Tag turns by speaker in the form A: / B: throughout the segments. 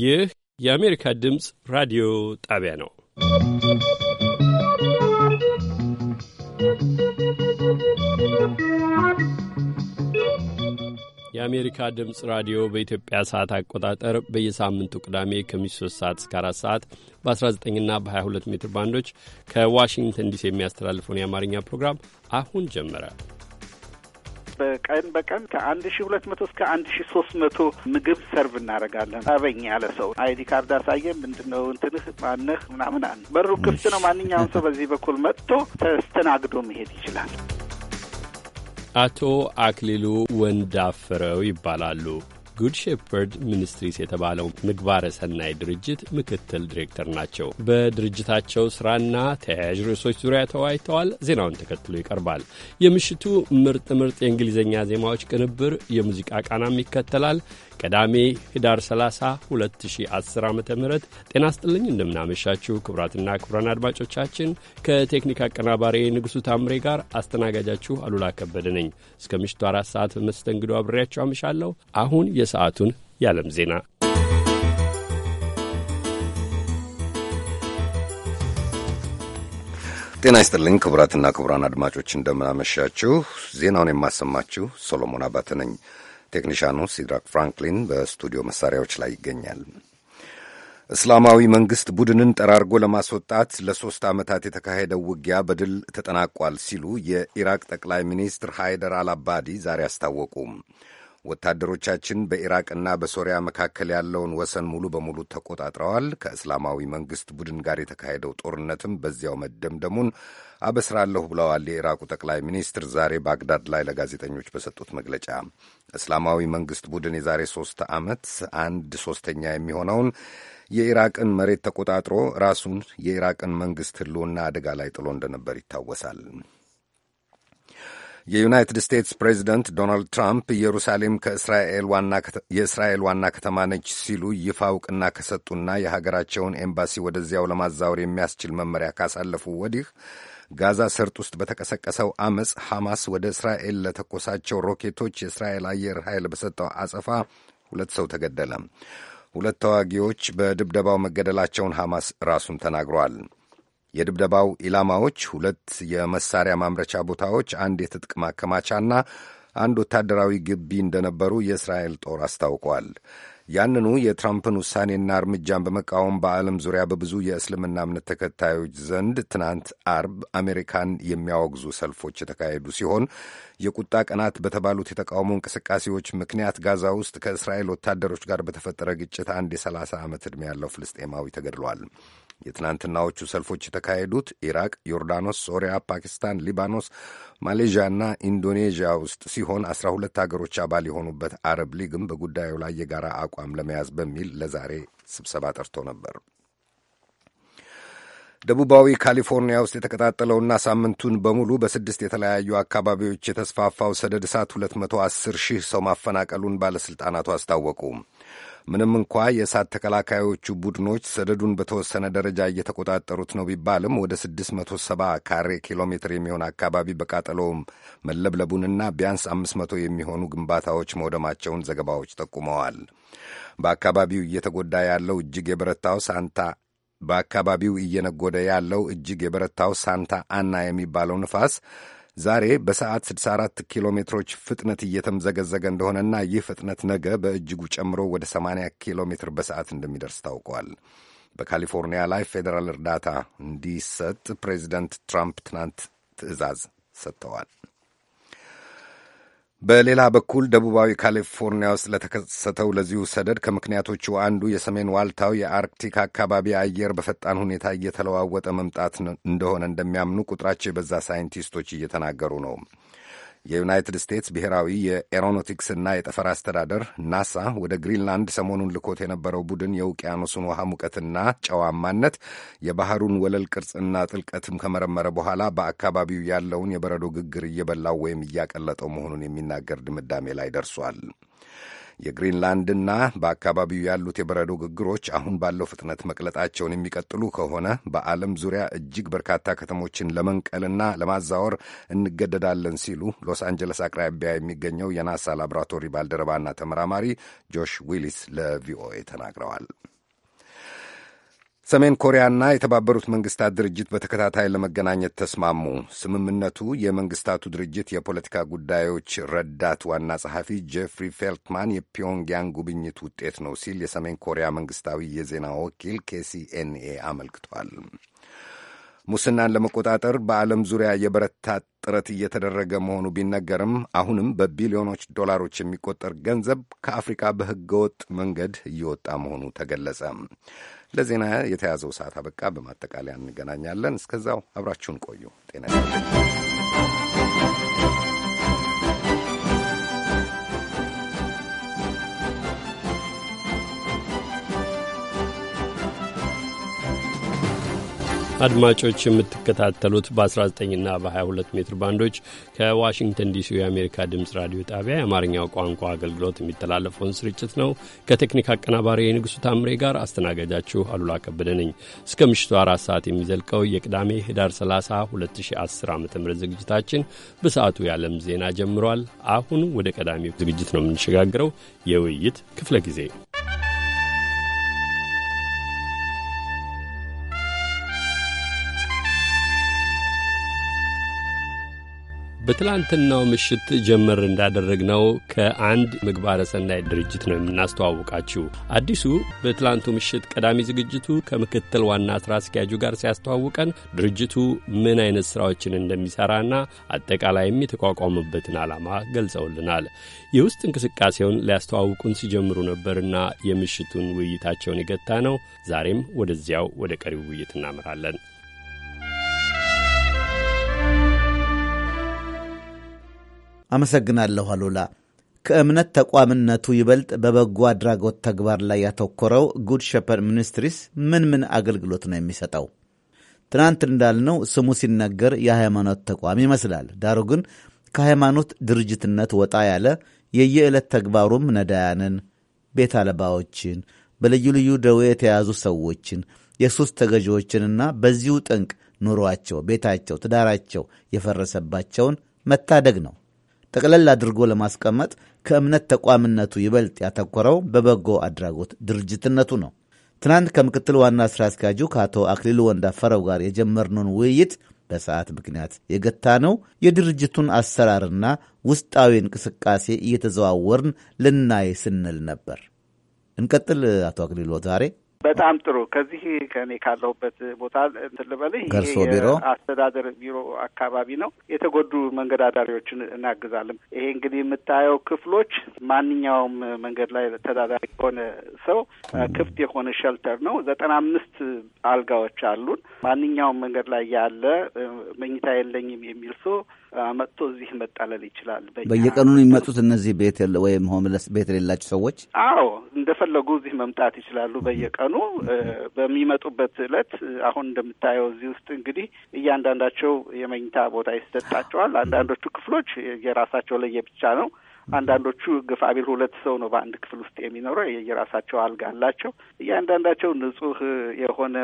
A: ይህ የአሜሪካ ድምፅ ራዲዮ ጣቢያ ነው። የአሜሪካ ድምፅ ራዲዮ በኢትዮጵያ ሰዓት አቆጣጠር በየሳምንቱ ቅዳሜ ከምሽቱ 3 ሰዓት እስከ 4 ሰዓት በ19ና በ22 ሜትር ባንዶች ከዋሽንግተን ዲሲ የሚያስተላልፈውን የአማርኛ ፕሮግራም አሁን ጀመረ።
B: በቀን በቀን ከአንድ ሺ ሁለት መቶ እስከ አንድ ሺ ሶስት መቶ ምግብ ሰርቭ እናደርጋለን። አበኝ ያለ ሰው አይዲ ካርድ አሳየ፣ ነው እንትንህ ማነህ ምናምን አለ። በሩ ክፍት ነው። ማንኛውም ሰው በዚህ በኩል መጥቶ ተስተናግዶ መሄድ ይችላል።
A: አቶ አክሊሉ ወንዳፍረው ይባላሉ። ጉድ ሼፐርድ ሚኒስትሪስ የተባለው ምግባረ ሰናይ ድርጅት ምክትል ዲሬክተር ናቸው። በድርጅታቸው ስራና ተያያዥ ርዕሶች ዙሪያ ተወያይተዋል። ዜናውን ተከትሎ ይቀርባል። የምሽቱ ምርጥ ምርጥ የእንግሊዝኛ ዜማዎች ቅንብር፣ የሙዚቃ ቃናም ይከተላል። ቅዳሜ ህዳር 30 2010 ዓ ም ጤና ስጥልኝ። እንደምናመሻችሁ ክቡራትና ክቡራን አድማጮቻችን ከቴክኒክ አቀናባሪ ንጉሡ ታምሬ ጋር አስተናጋጃችሁ አሉላ ከበደ ነኝ። እስከ ምሽቱ አራት ሰዓት በመስተንግዶ አብሬያችሁ አመሻለሁ። አሁን የሰዓቱን የዓለም ዜና
C: ጤና ይስጥልኝ ክቡራትና ክቡራን አድማጮች እንደምናመሻችሁ። ዜናውን የማሰማችሁ ሶሎሞን አባተ ነኝ። ቴክኒሻኑ ሲድራክ ፍራንክሊን በስቱዲዮ መሳሪያዎች ላይ ይገኛል። እስላማዊ መንግሥት ቡድንን ጠራርጎ ለማስወጣት ለሦስት ዓመታት የተካሄደው ውጊያ በድል ተጠናቋል ሲሉ የኢራቅ ጠቅላይ ሚኒስትር ሃይደር አልአባዲ ዛሬ አስታወቁ። ወታደሮቻችን በኢራቅና በሶሪያ መካከል ያለውን ወሰን ሙሉ በሙሉ ተቆጣጥረዋል። ከእስላማዊ መንግሥት ቡድን ጋር የተካሄደው ጦርነትም በዚያው መደምደሙን አበስራለሁ ብለዋል የኢራቁ ጠቅላይ ሚኒስትር ዛሬ ባግዳድ ላይ ለጋዜጠኞች በሰጡት መግለጫ። እስላማዊ መንግሥት ቡድን የዛሬ ሦስት ዓመት አንድ ሦስተኛ የሚሆነውን የኢራቅን መሬት ተቆጣጥሮ ራሱን የኢራቅን መንግሥት ሕልውና አደጋ ላይ ጥሎ እንደነበር ይታወሳል። የዩናይትድ ስቴትስ ፕሬዚደንት ዶናልድ ትራምፕ ኢየሩሳሌም የእስራኤል ዋና ከተማ ነች ሲሉ ይፋ እውቅና ከሰጡና የሀገራቸውን ኤምባሲ ወደዚያው ለማዛወር የሚያስችል መመሪያ ካሳለፉ ወዲህ ጋዛ ሰርጥ ውስጥ በተቀሰቀሰው አመፅ ሐማስ ወደ እስራኤል ለተኮሳቸው ሮኬቶች የእስራኤል አየር ኃይል በሰጠው አጸፋ ሁለት ሰው ተገደለ። ሁለት ተዋጊዎች በድብደባው መገደላቸውን ሐማስ ራሱን ተናግሯል። የድብደባው ኢላማዎች ሁለት የመሳሪያ ማምረቻ ቦታዎች፣ አንድ የትጥቅ ማከማቻና አንድ ወታደራዊ ግቢ እንደነበሩ የእስራኤል ጦር አስታውቋል። ያንኑ የትራምፕን ውሳኔና እርምጃን በመቃወም በዓለም ዙሪያ በብዙ የእስልምና እምነት ተከታዮች ዘንድ ትናንት አርብ አሜሪካን የሚያወግዙ ሰልፎች የተካሄዱ ሲሆን የቁጣ ቀናት በተባሉት የተቃውሞ እንቅስቃሴዎች ምክንያት ጋዛ ውስጥ ከእስራኤል ወታደሮች ጋር በተፈጠረ ግጭት አንድ የ30 ዓመት ዕድሜ ያለው ፍልስጤማዊ ተገድሏል። የትናንትናዎቹ ሰልፎች የተካሄዱት ኢራቅ፣ ዮርዳኖስ፣ ሶሪያ፣ ፓኪስታን፣ ሊባኖስ፣ እና ኢንዶኔዥያ ውስጥ ሲሆን አስራ ሁለት ሀገሮች አባል የሆኑበት አረብ ሊግም በጉዳዩ ላይ የጋራ አቋም ለመያዝ በሚል ለዛሬ ስብሰባ ጠርቶ ነበር። ደቡባዊ ካሊፎርኒያ ውስጥ የተቀጣጠለውና ሳምንቱን በሙሉ በስድስት የተለያዩ አካባቢዎች የተስፋፋው ሰደድ እሳት 210 ሺህ ሰው ማፈናቀሉን ባለሥልጣናቱ አስታወቁ። ምንም እንኳ የእሳት ተከላካዮቹ ቡድኖች ሰደዱን በተወሰነ ደረጃ እየተቆጣጠሩት ነው ቢባልም ወደ 670 ካሬ ኪሎ ሜትር የሚሆን አካባቢ በቃጠሎውም መለብለቡንና ቢያንስ 500 የሚሆኑ ግንባታዎች መውደማቸውን ዘገባዎች ጠቁመዋል። በአካባቢው እየተጎዳ ያለው እጅግ የበረታው ሳንታ በአካባቢው እየነጎደ ያለው እጅግ የበረታው ሳንታ አና የሚባለው ንፋስ ዛሬ በሰዓት 64 ኪሎ ሜትሮች ፍጥነት እየተምዘገዘገ እንደሆነና ይህ ፍጥነት ነገ በእጅጉ ጨምሮ ወደ 80 ኪሎ ሜትር በሰዓት እንደሚደርስ ታውቋል። በካሊፎርኒያ ላይ ፌዴራል እርዳታ እንዲሰጥ ፕሬዚደንት ትራምፕ ትናንት ትዕዛዝ ሰጥተዋል። በሌላ በኩል ደቡባዊ ካሊፎርኒያ ውስጥ ለተከሰተው ለዚሁ ሰደድ ከምክንያቶቹ አንዱ የሰሜን ዋልታው የአርክቲክ አካባቢ አየር በፈጣን ሁኔታ እየተለዋወጠ መምጣት እንደሆነ እንደሚያምኑ ቁጥራቸው የበዛ ሳይንቲስቶች እየተናገሩ ነው። የዩናይትድ ስቴትስ ብሔራዊ የኤሮኖቲክስና የጠፈር አስተዳደር ናሳ ወደ ግሪንላንድ ሰሞኑን ልኮት የነበረው ቡድን የውቅያኖሱን ውሃ ሙቀትና ጨዋማነት የባህሩን ወለል ቅርጽና ጥልቀትም ከመረመረ በኋላ በአካባቢው ያለውን የበረዶ ግግር እየበላው ወይም እያቀለጠው መሆኑን የሚናገር ድምዳሜ ላይ ደርሷል። የግሪንላንድና በአካባቢው ያሉት የበረዶ ግግሮች አሁን ባለው ፍጥነት መቅለጣቸውን የሚቀጥሉ ከሆነ በዓለም ዙሪያ እጅግ በርካታ ከተሞችን ለመንቀልና ለማዛወር እንገደዳለን ሲሉ ሎስ አንጀለስ አቅራቢያ የሚገኘው የናሳ ላቦራቶሪ ባልደረባና ተመራማሪ ጆሽ ዊሊስ ለቪኦኤ ተናግረዋል። ሰሜን ኮሪያና የተባበሩት መንግስታት ድርጅት በተከታታይ ለመገናኘት ተስማሙ። ስምምነቱ የመንግስታቱ ድርጅት የፖለቲካ ጉዳዮች ረዳት ዋና ጸሐፊ ጄፍሪ ፌልትማን የፒዮንግያንግ ጉብኝት ውጤት ነው ሲል የሰሜን ኮሪያ መንግስታዊ የዜና ወኪል ኬሲኤንኤ አመልክቷል። ሙስናን ለመቆጣጠር በዓለም ዙሪያ የበረታ ጥረት እየተደረገ መሆኑ ቢነገርም አሁንም በቢሊዮኖች ዶላሮች የሚቆጠር ገንዘብ ከአፍሪካ በሕገወጥ መንገድ እየወጣ መሆኑ ተገለጸ። ለዜና የተያዘው ሰዓት አበቃ። በማጠቃለያ እንገናኛለን። እስከዛው አብራችሁን ቆዩ። ጤና
A: አድማጮች የምትከታተሉት በ19ና በ22 ሜትር ባንዶች ከዋሽንግተን ዲሲ የአሜሪካ ድምፅ ራዲዮ ጣቢያ የአማርኛው ቋንቋ አገልግሎት የሚተላለፈውን ስርጭት ነው። ከቴክኒክ አቀናባሪ የንጉሱ ታምሬ ጋር አስተናጋጃችሁ አሉላ ከበደ ነኝ። እስከ ምሽቱ አራት ሰዓት የሚዘልቀው የቅዳሜ ህዳር 30 2010 ዓ ም ዝግጅታችን በሰዓቱ የዓለም ዜና ጀምሯል። አሁን ወደ ቀዳሚው ዝግጅት ነው የምንሸጋግረው የውይይት ክፍለ ጊዜ በትላንትናው ምሽት ጀመር እንዳደረግነው ከአንድ ምግባረ ሰናይ ድርጅት ነው የምናስተዋውቃችሁ። አዲሱ በትላንቱ ምሽት ቀዳሚ ዝግጅቱ ከምክትል ዋና ስራ አስኪያጁ ጋር ሲያስተዋውቀን ድርጅቱ ምን አይነት ስራዎችን እንደሚሰራና አጠቃላይም የተቋቋመበትን ዓላማ ገልጸውልናል። የውስጥ እንቅስቃሴውን ሊያስተዋውቁን ሲጀምሩ ነበርና የምሽቱን ውይይታቸውን የገታ ነው። ዛሬም ወደዚያው ወደ ቀሪው ውይይት እናመራለን።
D: አመሰግናለሁ አሉላ። ከእምነት ተቋምነቱ ይበልጥ በበጎ አድራጎት ተግባር ላይ ያተኮረው ጉድ ሸፐርድ ሚኒስትሪስ ምን ምን አገልግሎት ነው የሚሰጠው? ትናንት እንዳልነው ስሙ ሲነገር የሃይማኖት ተቋም ይመስላል። ዳሩ ግን ከሃይማኖት ድርጅትነት ወጣ ያለ የየዕለት ተግባሩም ነዳያንን፣ ቤት አለባዎችን በልዩ ልዩ ደዌ የተያዙ ሰዎችን፣ የሱስ ተገዢዎችንና በዚሁ ጠንቅ ኑሯቸው፣ ቤታቸው፣ ትዳራቸው የፈረሰባቸውን መታደግ ነው። ጠቅለል አድርጎ ለማስቀመጥ ከእምነት ተቋምነቱ ይበልጥ ያተኮረው በበጎ አድራጎት ድርጅትነቱ ነው። ትናንት ከምክትል ዋና ሥራ አስኪያጁ ከአቶ አክሊሉ ወንዳፈረው ጋር የጀመርነውን ውይይት በሰዓት ምክንያት የገታ ነው። የድርጅቱን አሰራርና ውስጣዊ እንቅስቃሴ እየተዘዋወርን ልናይ ስንል ነበር። እንቀጥል። አቶ አክሊሉ ዛሬ
B: በጣም ጥሩ። ከዚህ ከኔ ካለሁበት ቦታ እንትን ልበልህ፣ ገርሶ ቢሮ አስተዳደር ቢሮ አካባቢ ነው። የተጎዱ መንገድ አዳሪዎችን እናግዛለን። ይሄ እንግዲህ የምታየው ክፍሎች ማንኛውም መንገድ ላይ ተዳዳሪ የሆነ ሰው ክፍት የሆነ ሸልተር ነው። ዘጠና አምስት አልጋዎች አሉን። ማንኛውም መንገድ ላይ ያለ መኝታ የለኝም የሚል ሰው መጥቶ እዚህ መጠለል ይችላል። በየቀኑ
D: የሚመጡት እነዚህ ቤት ወይም ሆምለስ ቤት የሌላቸው ሰዎች
B: አዎ፣ እንደፈለጉ እዚህ መምጣት ይችላሉ። በየቀኑ በሚመጡበት እለት አሁን እንደምታየው እዚህ ውስጥ እንግዲህ እያንዳንዳቸው የመኝታ ቦታ ይሰጣቸዋል። አንዳንዶቹ ክፍሎች የራሳቸው ለየብቻ ነው። አንዳንዶቹ ግፋ ቢል ሁለት ሰው ነው በአንድ ክፍል ውስጥ የሚኖረው። የየራሳቸው አልጋ አላቸው። እያንዳንዳቸው ንጹህ የሆነ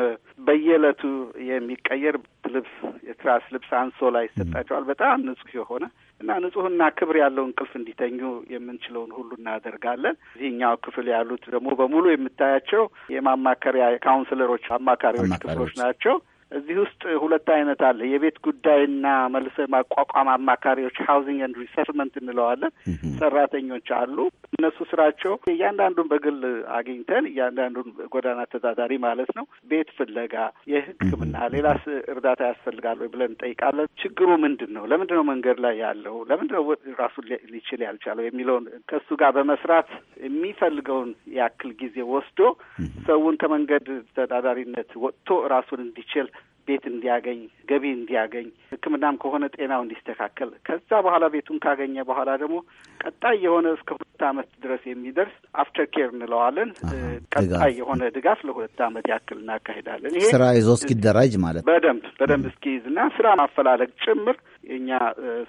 B: በየዕለቱ የሚቀየር ልብስ፣ የትራስ ልብስ፣ አንሶላ ይሰጣቸዋል። በጣም ንጹህ የሆነ እና ንጹህና ክብር ያለው እንቅልፍ እንዲተኙ የምንችለውን ሁሉ እናደርጋለን። እዚህኛው ክፍል ያሉት ደግሞ በሙሉ የምታያቸው የማማከሪያ ካውንስለሮች አማካሪዎች ክፍሎች ናቸው። እዚህ ውስጥ ሁለት አይነት አለ። የቤት ጉዳይና መልሶ ማቋቋም አማካሪዎች ሀውዚንግ ኤንድ ሪሰትልመንት እንለዋለን። ሰራተኞች አሉ። እነሱ ስራቸው እያንዳንዱን በግል አግኝተን እያንዳንዱን ጎዳና ተዳዳሪ ማለት ነው ቤት ፍለጋ፣ የሕክምና ሌላስ እርዳታ ያስፈልጋል ወይ ብለን እንጠይቃለን። ችግሩ ምንድን ነው? ለምንድን ነው መንገድ ላይ ያለው? ለምንድን ነው ራሱን ሊችል ያልቻለው? የሚለውን ከሱ ጋር በመስራት የሚፈልገውን ያክል ጊዜ ወስዶ ሰውን ከመንገድ ተዳዳሪነት ወጥቶ ራሱን እንዲችል ቤት እንዲያገኝ፣ ገቢ እንዲያገኝ፣ ሕክምናም ከሆነ ጤናው እንዲስተካከል ከዛ በኋላ ቤቱን ካገኘ በኋላ ደግሞ ቀጣይ የሆነ እስከ ሁለት ዓመት ድረስ የሚደርስ አፍተር ኬር እንለዋለን። ቀጣይ የሆነ ድጋፍ ለሁለት ዓመት ያክል እናካሄዳለን። ይሄ ስራ ይዞ
D: እስኪደራጅ ማለት
B: በደንብ በደንብ እስኪይዝ እና ስራ ማፈላለግ ጭምር የእኛ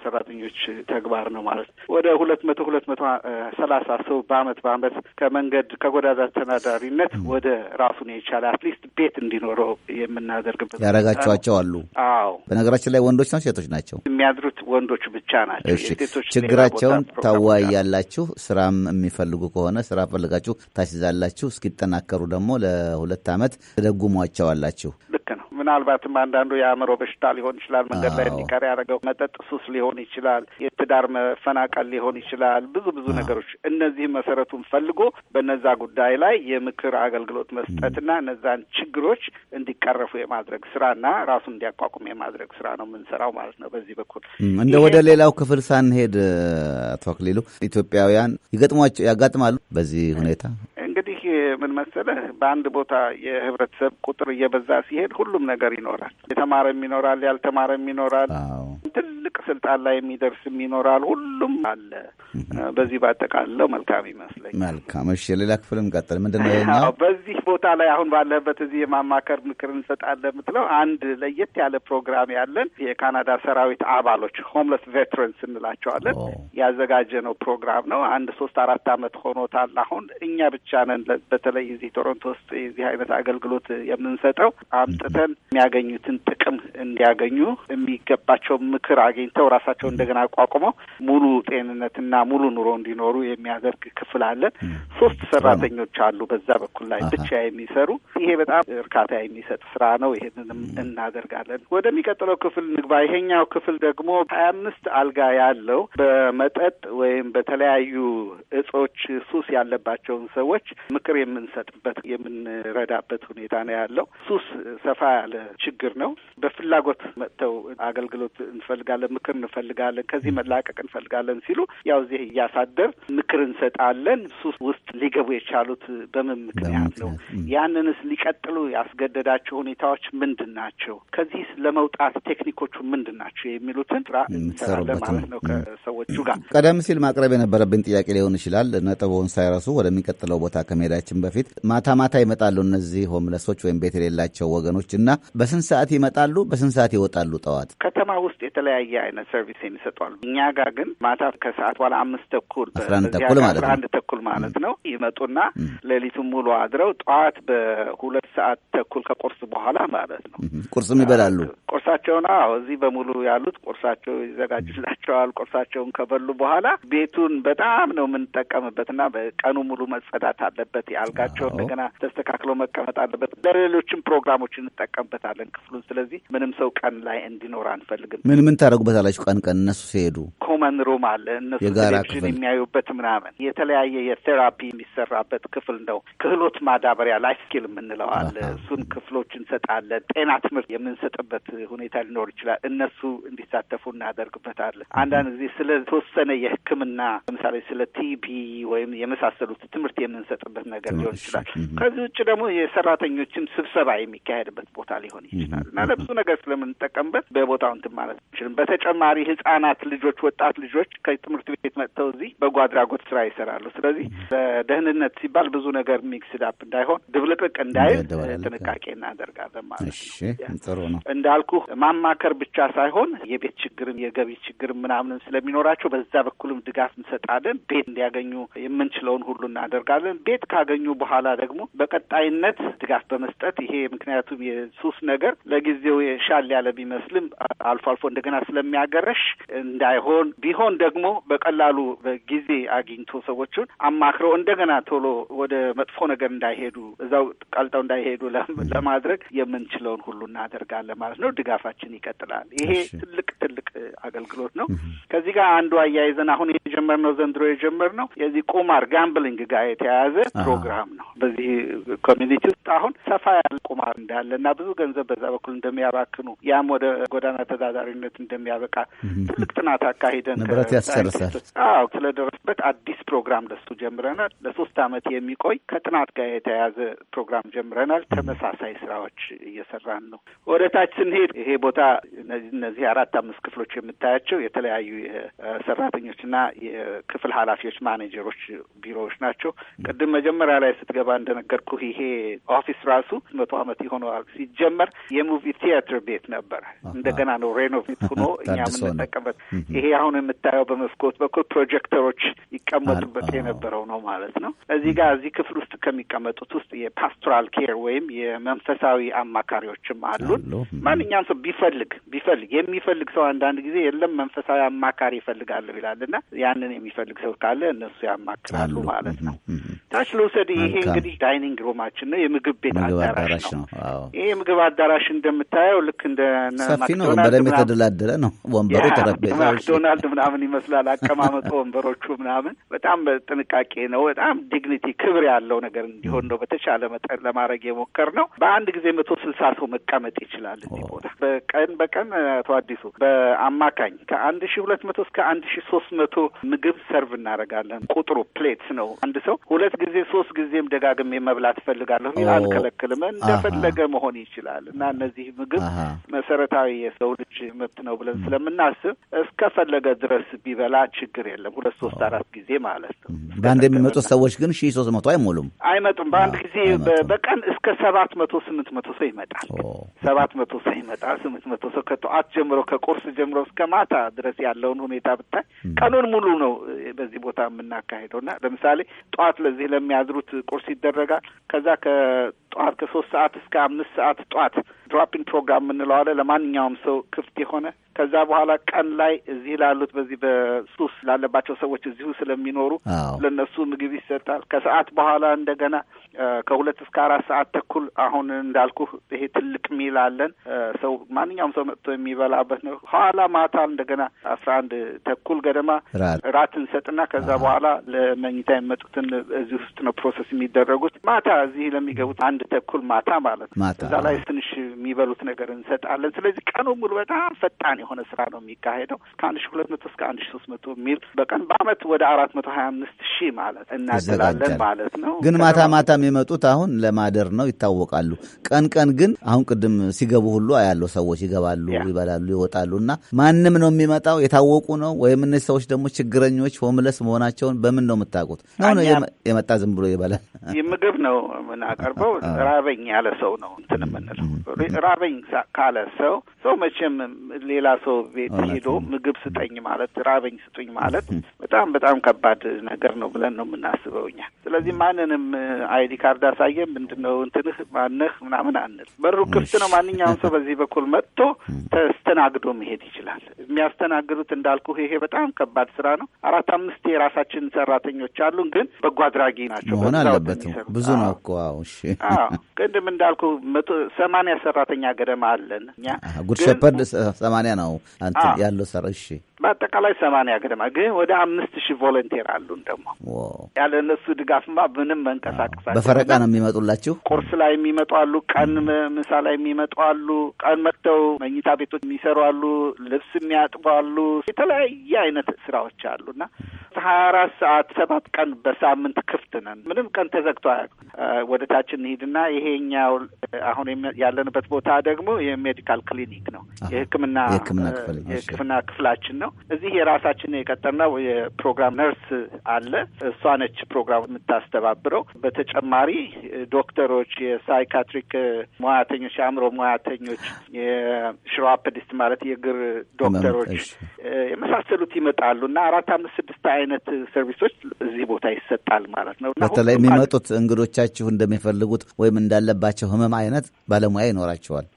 B: ሰራተኞች ተግባር ነው ማለት ነው። ወደ ሁለት መቶ ሁለት መቶ ሰላሳ ሰው በአመት በአመት ከመንገድ ከጎዳና ተናዳሪነት ወደ ራሱን የቻለ አትሊስት ቤት እንዲኖረው የምናደርግበት ያረጋቸዋቸው አሉ። አዎ፣
D: በነገራችን ላይ ወንዶች ነው ሴቶች ናቸው
B: የሚያድሩት? ወንዶች ብቻ ናቸው። ሴቶች ችግራቸውን
D: ታዋያላችሁ። ስራም የሚፈልጉ ከሆነ ስራ ፈልጋችሁ ታስይዛላችሁ። እስኪጠናከሩ ደግሞ ለሁለት አመት ትደጉሟቸዋላችሁ። ልክ
B: ነው። ምናልባትም አንዳንዱ የአእምሮ በሽታ ሊሆን ይችላል። መንገድ ላይ እንዲቀር ያደረገው መጠጥ ሱስ ሊሆን ይችላል። የትዳር መፈናቀል ሊሆን ይችላል። ብዙ ብዙ ነገሮች እነዚህ መሰረቱን ፈልጎ በነዛ ጉዳይ ላይ የምክር አገልግሎት መስጠትና እነዛን ችግሮች እንዲቀረፉ የማድረግ ስራና ራሱን እንዲያቋቁም የማድረግ ስራ ነው የምንሰራው ማለት ነው። በዚህ በኩል
D: እንደ ወደ ሌላው ክፍል ሳንሄድ አቶ አክሊሉ ኢትዮጵያውያን ይገጥሟቸው ያጋጥማሉ በዚህ ሁኔታ
B: ምን መሰለህ፣ በአንድ ቦታ የህብረተሰብ ቁጥር እየበዛ ሲሄድ ሁሉም ነገር ይኖራል። የተማረም ይኖራል፣ ያልተማረም ይኖራል፣ ትልቅ ስልጣን ላይ የሚደርስም ይኖራል። ሁሉም አለ። በዚህ ባጠቃለው መልካም ይመስለኝ።
D: መልካም እሺ፣ ሌላ ክፍልም ቀጥል። ምንድን ነው
B: በዚህ ቦታ ላይ አሁን ባለህበት እዚህ የማማከር ምክር እንሰጣለን የምትለው አንድ ለየት ያለ ፕሮግራም ያለን የካናዳ ሰራዊት አባሎች ሆምለስ ቬትረንስ እንላቸዋለን ያዘጋጀ ነው ፕሮግራም ነው። አንድ ሶስት አራት አመት ሆኖታል። አሁን እኛ ብቻ ነን በተለይ እዚህ ቶሮንቶ ውስጥ የዚህ አይነት አገልግሎት የምንሰጠው አምጥተን የሚያገኙትን ጥቅም እንዲያገኙ የሚገባቸው ምክር አግኝተው ራሳቸው እንደገና አቋቁመው ሙሉ ጤንነትና ሙሉ ኑሮ እንዲኖሩ የሚያደርግ ክፍል አለን። ሶስት ሰራተኞች አሉ በዛ በኩል ላይ ብቻ የሚሰሩ ይሄ በጣም እርካታ የሚሰጥ ስራ ነው። ይሄንንም እናደርጋለን። ወደሚቀጥለው ክፍል ንግባ። ይሄኛው ክፍል ደግሞ ሀያ አምስት አልጋ ያለው በመጠጥ ወይም በተለያዩ እጾች ሱስ ያለባቸውን ሰዎች ምክር ፍቅር የምንሰጥበት የምንረዳበት ሁኔታ ነው ያለው። ሱስ ሰፋ ያለ ችግር ነው። በፍላጎት መጥተው አገልግሎት እንፈልጋለን፣ ምክር እንፈልጋለን፣ ከዚህ መላቀቅ እንፈልጋለን ሲሉ ያው እዚህ እያሳደር ምክር እንሰጣለን። ሱስ ውስጥ ሊገቡ የቻሉት በምን ምክንያት ነው? ያንንስ ሊቀጥሉ ያስገደዳቸው ሁኔታዎች ምንድን ናቸው? ከዚህ ለመውጣት ቴክኒኮቹ ምንድን ናቸው? የሚሉትን ስራ እንሰራለን ማለት ነው ከሰዎቹ ጋር።
D: ቀደም ሲል ማቅረብ የነበረብን ጥያቄ ሊሆን ይችላል። ነጥቡን ሳይረሱ ወደሚቀጥለው ቦታ ከመሄዳ ከመሄዳችን በፊት ማታ ማታ ይመጣሉ እነዚህ ሆምለሶች ወይም ቤት የሌላቸው ወገኖች እና በስንት ሰዓት ይመጣሉ? በስንት ሰዓት ይወጣሉ? ጠዋት
B: ከተማ ውስጥ የተለያየ አይነት ሰርቪስ የሚሰጧሉ። እኛ ጋር ግን ማታ ከሰዓት በኋላ አምስት ተኩል አስራ አንድ ተኩል ማለት ነው አንድ ተኩል ማለት ነው ይመጡና ሌሊቱን ሙሉ አድረው ጠዋት በሁለት ሰዓት ተኩል ከቁርስ በኋላ ማለት ነው
D: ቁርስም ይበላሉ።
B: ቁርሳቸውን አዎ እዚህ በሙሉ ያሉት ቁርሳቸው ይዘጋጅላቸዋል። ቁርሳቸውን ከበሉ በኋላ ቤቱን በጣም ነው የምንጠቀምበትና በቀኑ ሙሉ መጸዳት አለበት አለበት። አልጋቸው እንደገና ተስተካክሎ መቀመጥ አለበት። ለሌሎችም ፕሮግራሞች እንጠቀምበታለን ክፍሉን። ስለዚህ ምንም ሰው ቀን ላይ እንዲኖር አንፈልግም። ምን
D: ምን ታደረጉበታላችሁ? ቀን ቀን እነሱ ሲሄዱ
B: ኮመን ሩም አለ እነሱ ቴሌቪዥን የሚያዩበት ምናምን የተለያየ የቴራፒ የሚሰራበት ክፍል ነው። ክህሎት ማዳበሪያ ላይፍ ስኪል የምንለው አለ። እሱን ክፍሎች እንሰጣለን። ጤና ትምህርት የምንሰጥበት ሁኔታ ሊኖር ይችላል። እነሱ እንዲሳተፉ እናደርግበታለን። አንዳንድ ጊዜ ስለ ተወሰነ ለምሳሌ ስለ ቲቢ ወይም የመሳሰሉት ትምህርት የምንሰጥበት ነገር ሊሆን ይችላል። ከዚህ ውጭ ደግሞ የሰራተኞችም ስብሰባ የሚካሄድበት ቦታ ሊሆን ይችላል እና ለብዙ ነገር ስለምንጠቀምበት በቦታው እንትን ማለት አይችልም። በተጨማሪ ህጻናት ልጆች፣ ወጣት ልጆች ከትምህርት ቤት መጥተው እዚህ በጎ አድራጎት ስራ ይሰራሉ። ስለዚህ ለደህንነት ሲባል ብዙ ነገር ሚክስድ አፕ እንዳይሆን ድብልቅልቅ እንዳይል ጥንቃቄ እናደርጋለን ማለት
D: ነው። ጥሩ ነው
B: እንዳልኩ ማማከር ብቻ ሳይሆን የቤት ችግርም የገቢ ችግር ምናምንም ስለሚኖራቸው በዛ በኩልም ድጋፍ እንሰጣለን። ቤት እንዲያገኙ የምንችለውን ሁሉ እናደርጋለን። ቤት ካገኙ በኋላ ደግሞ በቀጣይነት ድጋፍ በመስጠት ይሄ ምክንያቱም የሱስ ነገር ለጊዜው የሻል ያለ ቢመስልም አልፎ አልፎ እንደገና ስለሚያገረሽ እንዳይሆን ቢሆን ደግሞ በቀላሉ በጊዜ አግኝቶ ሰዎቹን አማክረው እንደገና ቶሎ ወደ መጥፎ ነገር እንዳይሄዱ እዛው ቀልጠው እንዳይሄዱ ለማድረግ የምንችለውን ሁሉ እናደርጋለን ማለት ነው። ድጋፋችን ይቀጥላል። ይሄ ትልቅ ትልቅ አገልግሎት ነው። ከዚህ ጋር አንዱ አያይዘን አሁን የጀመርነው ዘንድሮ የጀመርነው የዚህ ቁማር ጋምብሊንግ ጋር የተያያዘ ፕሮግራም ነው። በዚህ ኮሚኒቲ ውስጥ አሁን ሰፋ ያለ ቁማር እንዳለ እና ብዙ ገንዘብ በዛ በኩል እንደሚያባክኑ ያም ወደ ጎዳና ተዳዳሪነት እንደሚያበቃ ትልቅ ጥናት አካሂደን ንብረት ያሰርሳል። አዎ ስለደረስበት አዲስ ፕሮግራም ለሱ ጀምረናል። ለሶስት አመት የሚቆይ ከጥናት ጋር የተያያዘ ፕሮግራም ጀምረናል። ተመሳሳይ ስራዎች እየሰራን ነው። ወደ ታች ስንሄድ ይሄ ቦታ እነዚህ አራት አምስት ክፍሎች የምታያቸው የተለያዩ የሰራተኞችና የክፍል ኃላፊዎች ማኔጀሮች ቢሮዎች ናቸው። ቅድም መጀመ መጀመሪያ ላይ ስትገባ እንደነገርኩ ይሄ ኦፊስ ራሱ መቶ ዓመት ይሆነዋል ሲጀመር የሙቪ ቲያትር ቤት ነበር። እንደገና ነው ሬኖቬት ሆኖ እኛ የምንጠቀምበት። ይሄ አሁን የምታየው በመስኮት በኩል ፕሮጀክተሮች ይቀመጡበት የነበረው ነው ማለት ነው። እዚህ ጋር እዚህ ክፍል ውስጥ ከሚቀመጡት ውስጥ የፓስቶራል ኬር ወይም የመንፈሳዊ አማካሪዎችም አሉን። ማንኛውም ሰው ቢፈልግ ቢፈልግ የሚፈልግ ሰው አንዳንድ ጊዜ የለም መንፈሳዊ አማካሪ ይፈልጋለሁ ይላል እና ያንን የሚፈልግ ሰው ካለ እነሱ ያማክራሉ ማለት ነው። ታች ለውሰድ ይሄ እንግዲህ ዳይኒንግ ሮማችን ነው፣ የምግብ ቤት አዳራሽ ነው። ይሄ የምግብ አዳራሽ እንደምታየው ልክ እንደ ሰፊ ነው፣ በደንብ የተደላደለ
D: ነው። ወንበሩ ጠረጴዛ ማክዶናልድ
B: ምናምን ይመስላል አቀማመጡ፣ ወንበሮቹ ምናምን በጣም ጥንቃቄ ነው። በጣም ዲግኒቲ ክብር ያለው ነገር እንዲሆን ነው በተቻለ መጠን ለማድረግ የሞከር ነው። በአንድ ጊዜ መቶ ስልሳ ሰው መቀመጥ ይችላል እዚህ ቦታ በቀን በቀን አቶ አዲሱ በአማካኝ ከአንድ ሺ ሁለት መቶ እስከ አንድ ሺ ሶስት መቶ ምግብ ሰርቭ እናደርጋለን። ቁጥሩ ፕሌትስ ነው። አንድ ሰው ሁለት ጊዜ ሶስት ጊዜም ደጋግሜ መብላት እፈልጋለሁ ሚል አልከለክልም። እንደፈለገ መሆን ይችላል እና እነዚህ ምግብ መሰረታዊ የሰው ልጅ መብት ነው ብለን ስለምናስብ እስከፈለገ ድረስ ቢበላ ችግር የለም። ሁለት ሶስት አራት ጊዜ ማለት ነው።
D: በአንድ የሚመጡት ሰዎች ግን ሺህ ሶስት መቶ አይሞሉም፣
B: አይመጡም። በአንድ ጊዜ በቀን እስከ ሰባት መቶ ስምንት መቶ ሰው ይመጣል። ሰባት መቶ ሰው ይመጣል። ስምንት መቶ ሰው ከጠዋት ጀምሮ ከቁርስ ጀምሮ እስከ ማታ ድረስ ያለውን ሁኔታ ብታይ ቀኑን ሙሉ ነው በዚህ ቦታ የምናካሄደው እና ለምሳሌ ጠዋት ለዚህ ስለሚያድሩት ቁርስ ይደረጋል። ከዛ ጠዋት ከሶስት ሰዓት እስከ አምስት ሰዓት ጠዋት ድሮፒን ፕሮግራም የምንለዋለ ለማንኛውም ሰው ክፍት የሆነ ከዛ በኋላ ቀን ላይ እዚህ ላሉት በዚህ በሱስ ላለባቸው ሰዎች እዚሁ ስለሚኖሩ ለእነሱ ምግብ ይሰጣል። ከሰዓት በኋላ እንደገና ከሁለት እስከ አራት ሰዓት ተኩል አሁን እንዳልኩ ይሄ ትልቅ ሚል አለን። ሰው ማንኛውም ሰው መጥቶ የሚበላበት ነው። ኋላ ማታ እንደገና አስራ አንድ ተኩል ገደማ ራት እንሰጥና ከዛ በኋላ ለመኝታ የመጡትን እዚህ ውስጥ ነው ፕሮሰስ የሚደረጉት። ማታ እዚህ ለሚገቡት አንድ አንድ ተኩል ማታ ማለት ነው። እዛ ላይ ትንሽ የሚበሉት ነገር እንሰጣለን። ስለዚህ ቀኑ ሙሉ በጣም ፈጣን የሆነ ስራ ነው የሚካሄደው ከአንድ ሺ ሁለት መቶ እስከ አንድ ሺ ሶስት መቶ ሚል በቀን በአመት ወደ አራት መቶ ሀያ አምስት ሺህ ማለት እናደላለን ማለት ነው። ግን
D: ማታ ማታ የሚመጡት አሁን ለማደር ነው ይታወቃሉ። ቀን ቀን ግን አሁን ቅድም ሲገቡ ሁሉ አያለው ሰዎች ይገባሉ፣ ይበላሉ፣ ይወጣሉ እና ማንም ነው የሚመጣው የታወቁ ነው ወይም እነዚህ ሰዎች ደግሞ ችግረኞች ሆምለስ መሆናቸውን በምን ነው የምታውቁት? ነው የመጣ ዝም ብሎ ይበላል።
B: ምግብ ነው የምናቀርበው። ራበኝ ያለ ሰው ነው እንትን የምንለው። ራበኝ ካለ ሰው ሰው መቼም ሌላ ሰው ቤት ሄዶ ምግብ ስጠኝ ማለት ራበኝ ስጡኝ ማለት በጣም በጣም ከባድ ነገር ነው ብለን ነው የምናስበው እኛ። ስለዚህ ማንንም አይዲ ካርድ አሳየ ምንድነው እንትንህ ማነህ ምናምን አንል። በሩ ክፍት ነው። ማንኛውም ሰው በዚህ በኩል መጥቶ ተስተናግዶ መሄድ ይችላል። የሚያስተናግዱት እንዳልኩ ይሄ በጣም ከባድ ስራ ነው። አራት አምስት የራሳችን ሰራተኞች አሉን፣ ግን በጎ አድራጊ ናቸው መሆን አለበት።
D: ብዙ ነው እኮ እሺ።
B: ቅድም እንዳልኩ መቶ ሰማንያ ሰራተኛ ገደማ አለን እኛ።
D: ጉድ ሸፐርድ ሰማንያ ነው ያለው ሰራ። እሺ
B: በአጠቃላይ ሰማንያ ገደማ ግን ወደ አምስት ሺህ ቮለንቴር አሉን። ደግሞ ያለ እነሱ ድጋፍማ ምንም መንቀሳቀሳ በፈረቃ
D: ነው የሚመጡላችሁ። ቁርስ
B: ላይ የሚመጡ አሉ፣ ቀን ምሳ ላይ የሚመጡ አሉ፣ ቀን መጥተው መኝታ ቤቶች የሚሰሩ አሉ፣ ልብስ የሚያጥቡ አሉ። የተለያየ አይነት ስራዎች አሉና ሀያ አራት ሰዓት ሰባት ቀን በሳምንት ክፍት ነን። ምንም ቀን ተዘግቶ አያውቅም። ወደ ታች እንሂድና ይሄኛው አሁን ያለንበት ቦታ ደግሞ የሜዲካል ክሊኒክ ነው። የህክምና ክፍላችን ነው። ነው። እዚህ የራሳችን የቀጠርነው የፕሮግራም ነርስ አለ። እሷ ነች ፕሮግራም የምታስተባብረው። በተጨማሪ ዶክተሮች፣ የሳይካትሪክ ሙያተኞች፣ የአእምሮ ሙያተኞች፣ የሽሮአፐዲስት ማለት የእግር ዶክተሮች የመሳሰሉት ይመጣሉ እና አራት አምስት ስድስት አይነት ሰርቪሶች እዚህ ቦታ ይሰጣል ማለት ነው። በተለይ የሚመጡት
D: እንግዶቻችሁ እንደሚፈልጉት ወይም እንዳለባቸው ህመም አይነት ባለሙያ ይኖራቸዋል።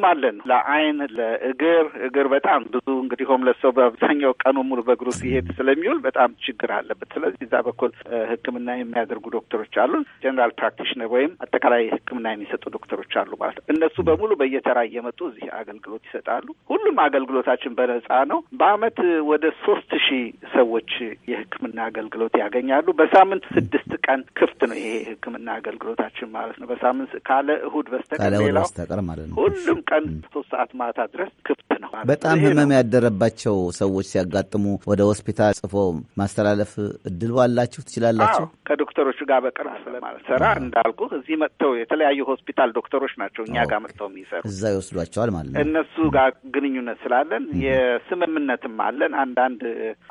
B: አሁንም አለን ለአይን ለእግር እግር በጣም ብዙ እንግዲህ ሆምለስ ሰው በአብዛኛው ቀኑ ሙሉ በእግሩ ሲሄድ ስለሚውል በጣም ችግር አለበት። ስለዚህ እዛ በኩል ሕክምና የሚያደርጉ ዶክተሮች አሉ። ጀኔራል ፕራክቲሽነር ወይም አጠቃላይ ሕክምና የሚሰጡ ዶክተሮች አሉ ማለት ነው። እነሱ በሙሉ በየተራ እየመጡ እዚህ አገልግሎት ይሰጣሉ። ሁሉም አገልግሎታችን በነጻ ነው። በአመት ወደ ሶስት ሺህ ሰዎች የሕክምና አገልግሎት ያገኛሉ። በሳምንት ስድስት ቀን ክፍት ነው ይሄ ሕክምና አገልግሎታችን ማለት ነው። በሳምንት ካለ እሁድ በስተቀር ሌላው ሁሉም ቀን ሶስት ሰዓት ማታ ድረስ ክፍት
D: ነው። በጣም ህመም ያደረባቸው ሰዎች ሲያጋጥሙ ወደ ሆስፒታል ጽፎ ማስተላለፍ እድል አላችሁ ትችላላችሁ።
B: ከዶክተሮቹ ጋር በቅርብ ስለማልሰራ እንዳልኩ እዚህ መጥተው የተለያዩ ሆስፒታል ዶክተሮች ናቸው እኛ ጋር መጥተው የሚሰሩ እዛ
D: ይወስዷቸዋል ማለት ነው።
B: እነሱ ጋር ግንኙነት ስላለን የስምምነትም አለን። አንዳንድ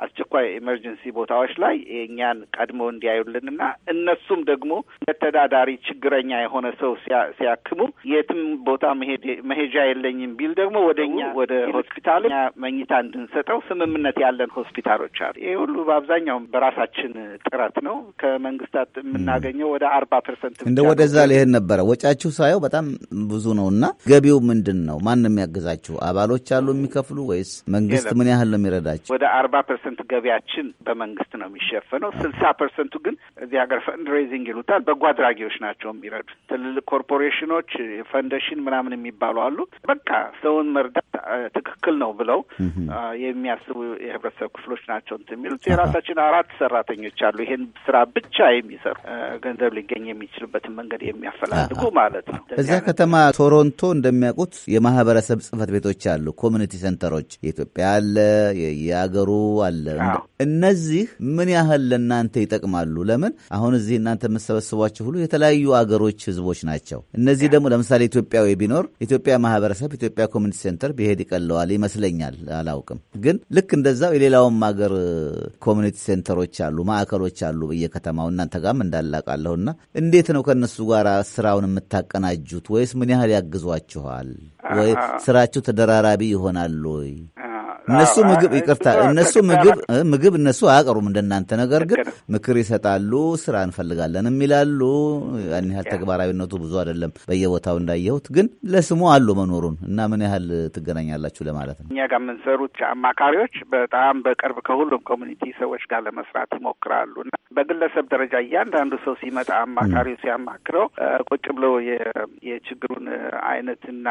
B: አስቸኳይ ኤመርጀንሲ ቦታዎች ላይ እኛን ቀድሞ እንዲያዩልን እና እነሱም ደግሞ ለተዳዳሪ ችግረኛ የሆነ ሰው ሲያክሙ የትም ቦታ መሄድ መሄጃ የለኝም ቢል ደግሞ ወደ እኛ ወደ ሆስፒታል መኝታ እንድንሰጠው ስምምነት ያለን ሆስፒታሎች አሉ። ይሄ ሁሉ በአብዛኛው በራሳችን ጥረት ነው። ከመንግስታት የምናገኘው ወደ አርባ ፐርሰንት እንደ ወደዛ
D: ሊሄድ ነበረ። ወጫችሁ ሳየው በጣም ብዙ ነው እና ገቢው ምንድን ነው? ማን ነው የሚያግዛችሁ? አባሎች አሉ የሚከፍሉ ወይስ መንግስት ምን ያህል ነው የሚረዳችሁ?
B: ወደ አርባ ፐርሰንት ገቢያችን በመንግስት ነው የሚሸፈነው። ስልሳ ፐርሰንቱ ግን እዚህ ሀገር ፈንድ ሬዚንግ ይሉታል በጎ አድራጊዎች ናቸው የሚረዱ ትልልቅ ኮርፖሬሽኖች፣ ፈንደሽን ምናምን የሚባሉ አሉ። በቃ ሰውን መርዳት ትክክል ነው ብለው የሚያስቡ የህብረተሰብ ክፍሎች ናቸው የሚሉት። የራሳችን አራት ሰራተኞች አሉ ይሄን ስራ ብቻ የሚሰሩ ገንዘብ ሊገኝ የሚችልበትን መንገድ የሚያፈላልጉ ማለት ነው። እዚያ
D: ከተማ ቶሮንቶ እንደሚያውቁት የማህበረሰብ ጽህፈት ቤቶች አሉ፣ ኮሚኒቲ ሴንተሮች የኢትዮጵያ አለ፣ የአገሩ አለ። እነዚህ ምን ያህል ለእናንተ ይጠቅማሉ? ለምን አሁን እዚህ እናንተ የምትሰበስቧቸው ሁሉ የተለያዩ አገሮች ህዝቦች ናቸው። እነዚህ ደግሞ ለምሳሌ ኢትዮጵያዊ ቢኖር ኢትዮጵያ ማህበረሰብ ኢትዮጵያ ኮሚኒቲ ሴንተር ቢሄድ ይቀለዋል ይመስለኛል። አላውቅም፣ ግን ልክ እንደዛው የሌላውም ሀገር ኮሚኒቲ ሴንተሮች አሉ፣ ማዕከሎች አሉ በየከተማው እናንተ ጋርም እንዳላቃለሁና እንዴት ነው ከእነሱ ጋር ስራውን የምታቀናጁት? ወይስ ምን ያህል ያግዟችኋል? ወይ ስራችሁ ተደራራቢ ይሆናል ወይ? እነሱ ምግብ ይቅርታ፣ እነሱ ምግብ ምግብ እነሱ አያቀሩም እንደናንተ። ነገር ግን ምክር ይሰጣሉ፣ ስራ እንፈልጋለንም ይላሉ። ያን ያህል ተግባራዊነቱ ብዙ አይደለም በየቦታው እንዳየሁት፣ ግን ለስሙ አሉ መኖሩን እና ምን ያህል ትገናኛላችሁ ለማለት ነው።
B: እኛ ጋር የምንሰሩት አማካሪዎች በጣም በቅርብ ከሁሉም ኮሚኒቲ ሰዎች ጋር ለመስራት ይሞክራሉ እና በግለሰብ ደረጃ እያንዳንዱ ሰው ሲመጣ አማካሪው ሲያማክረው ቁጭ ብሎ የችግሩን አይነትና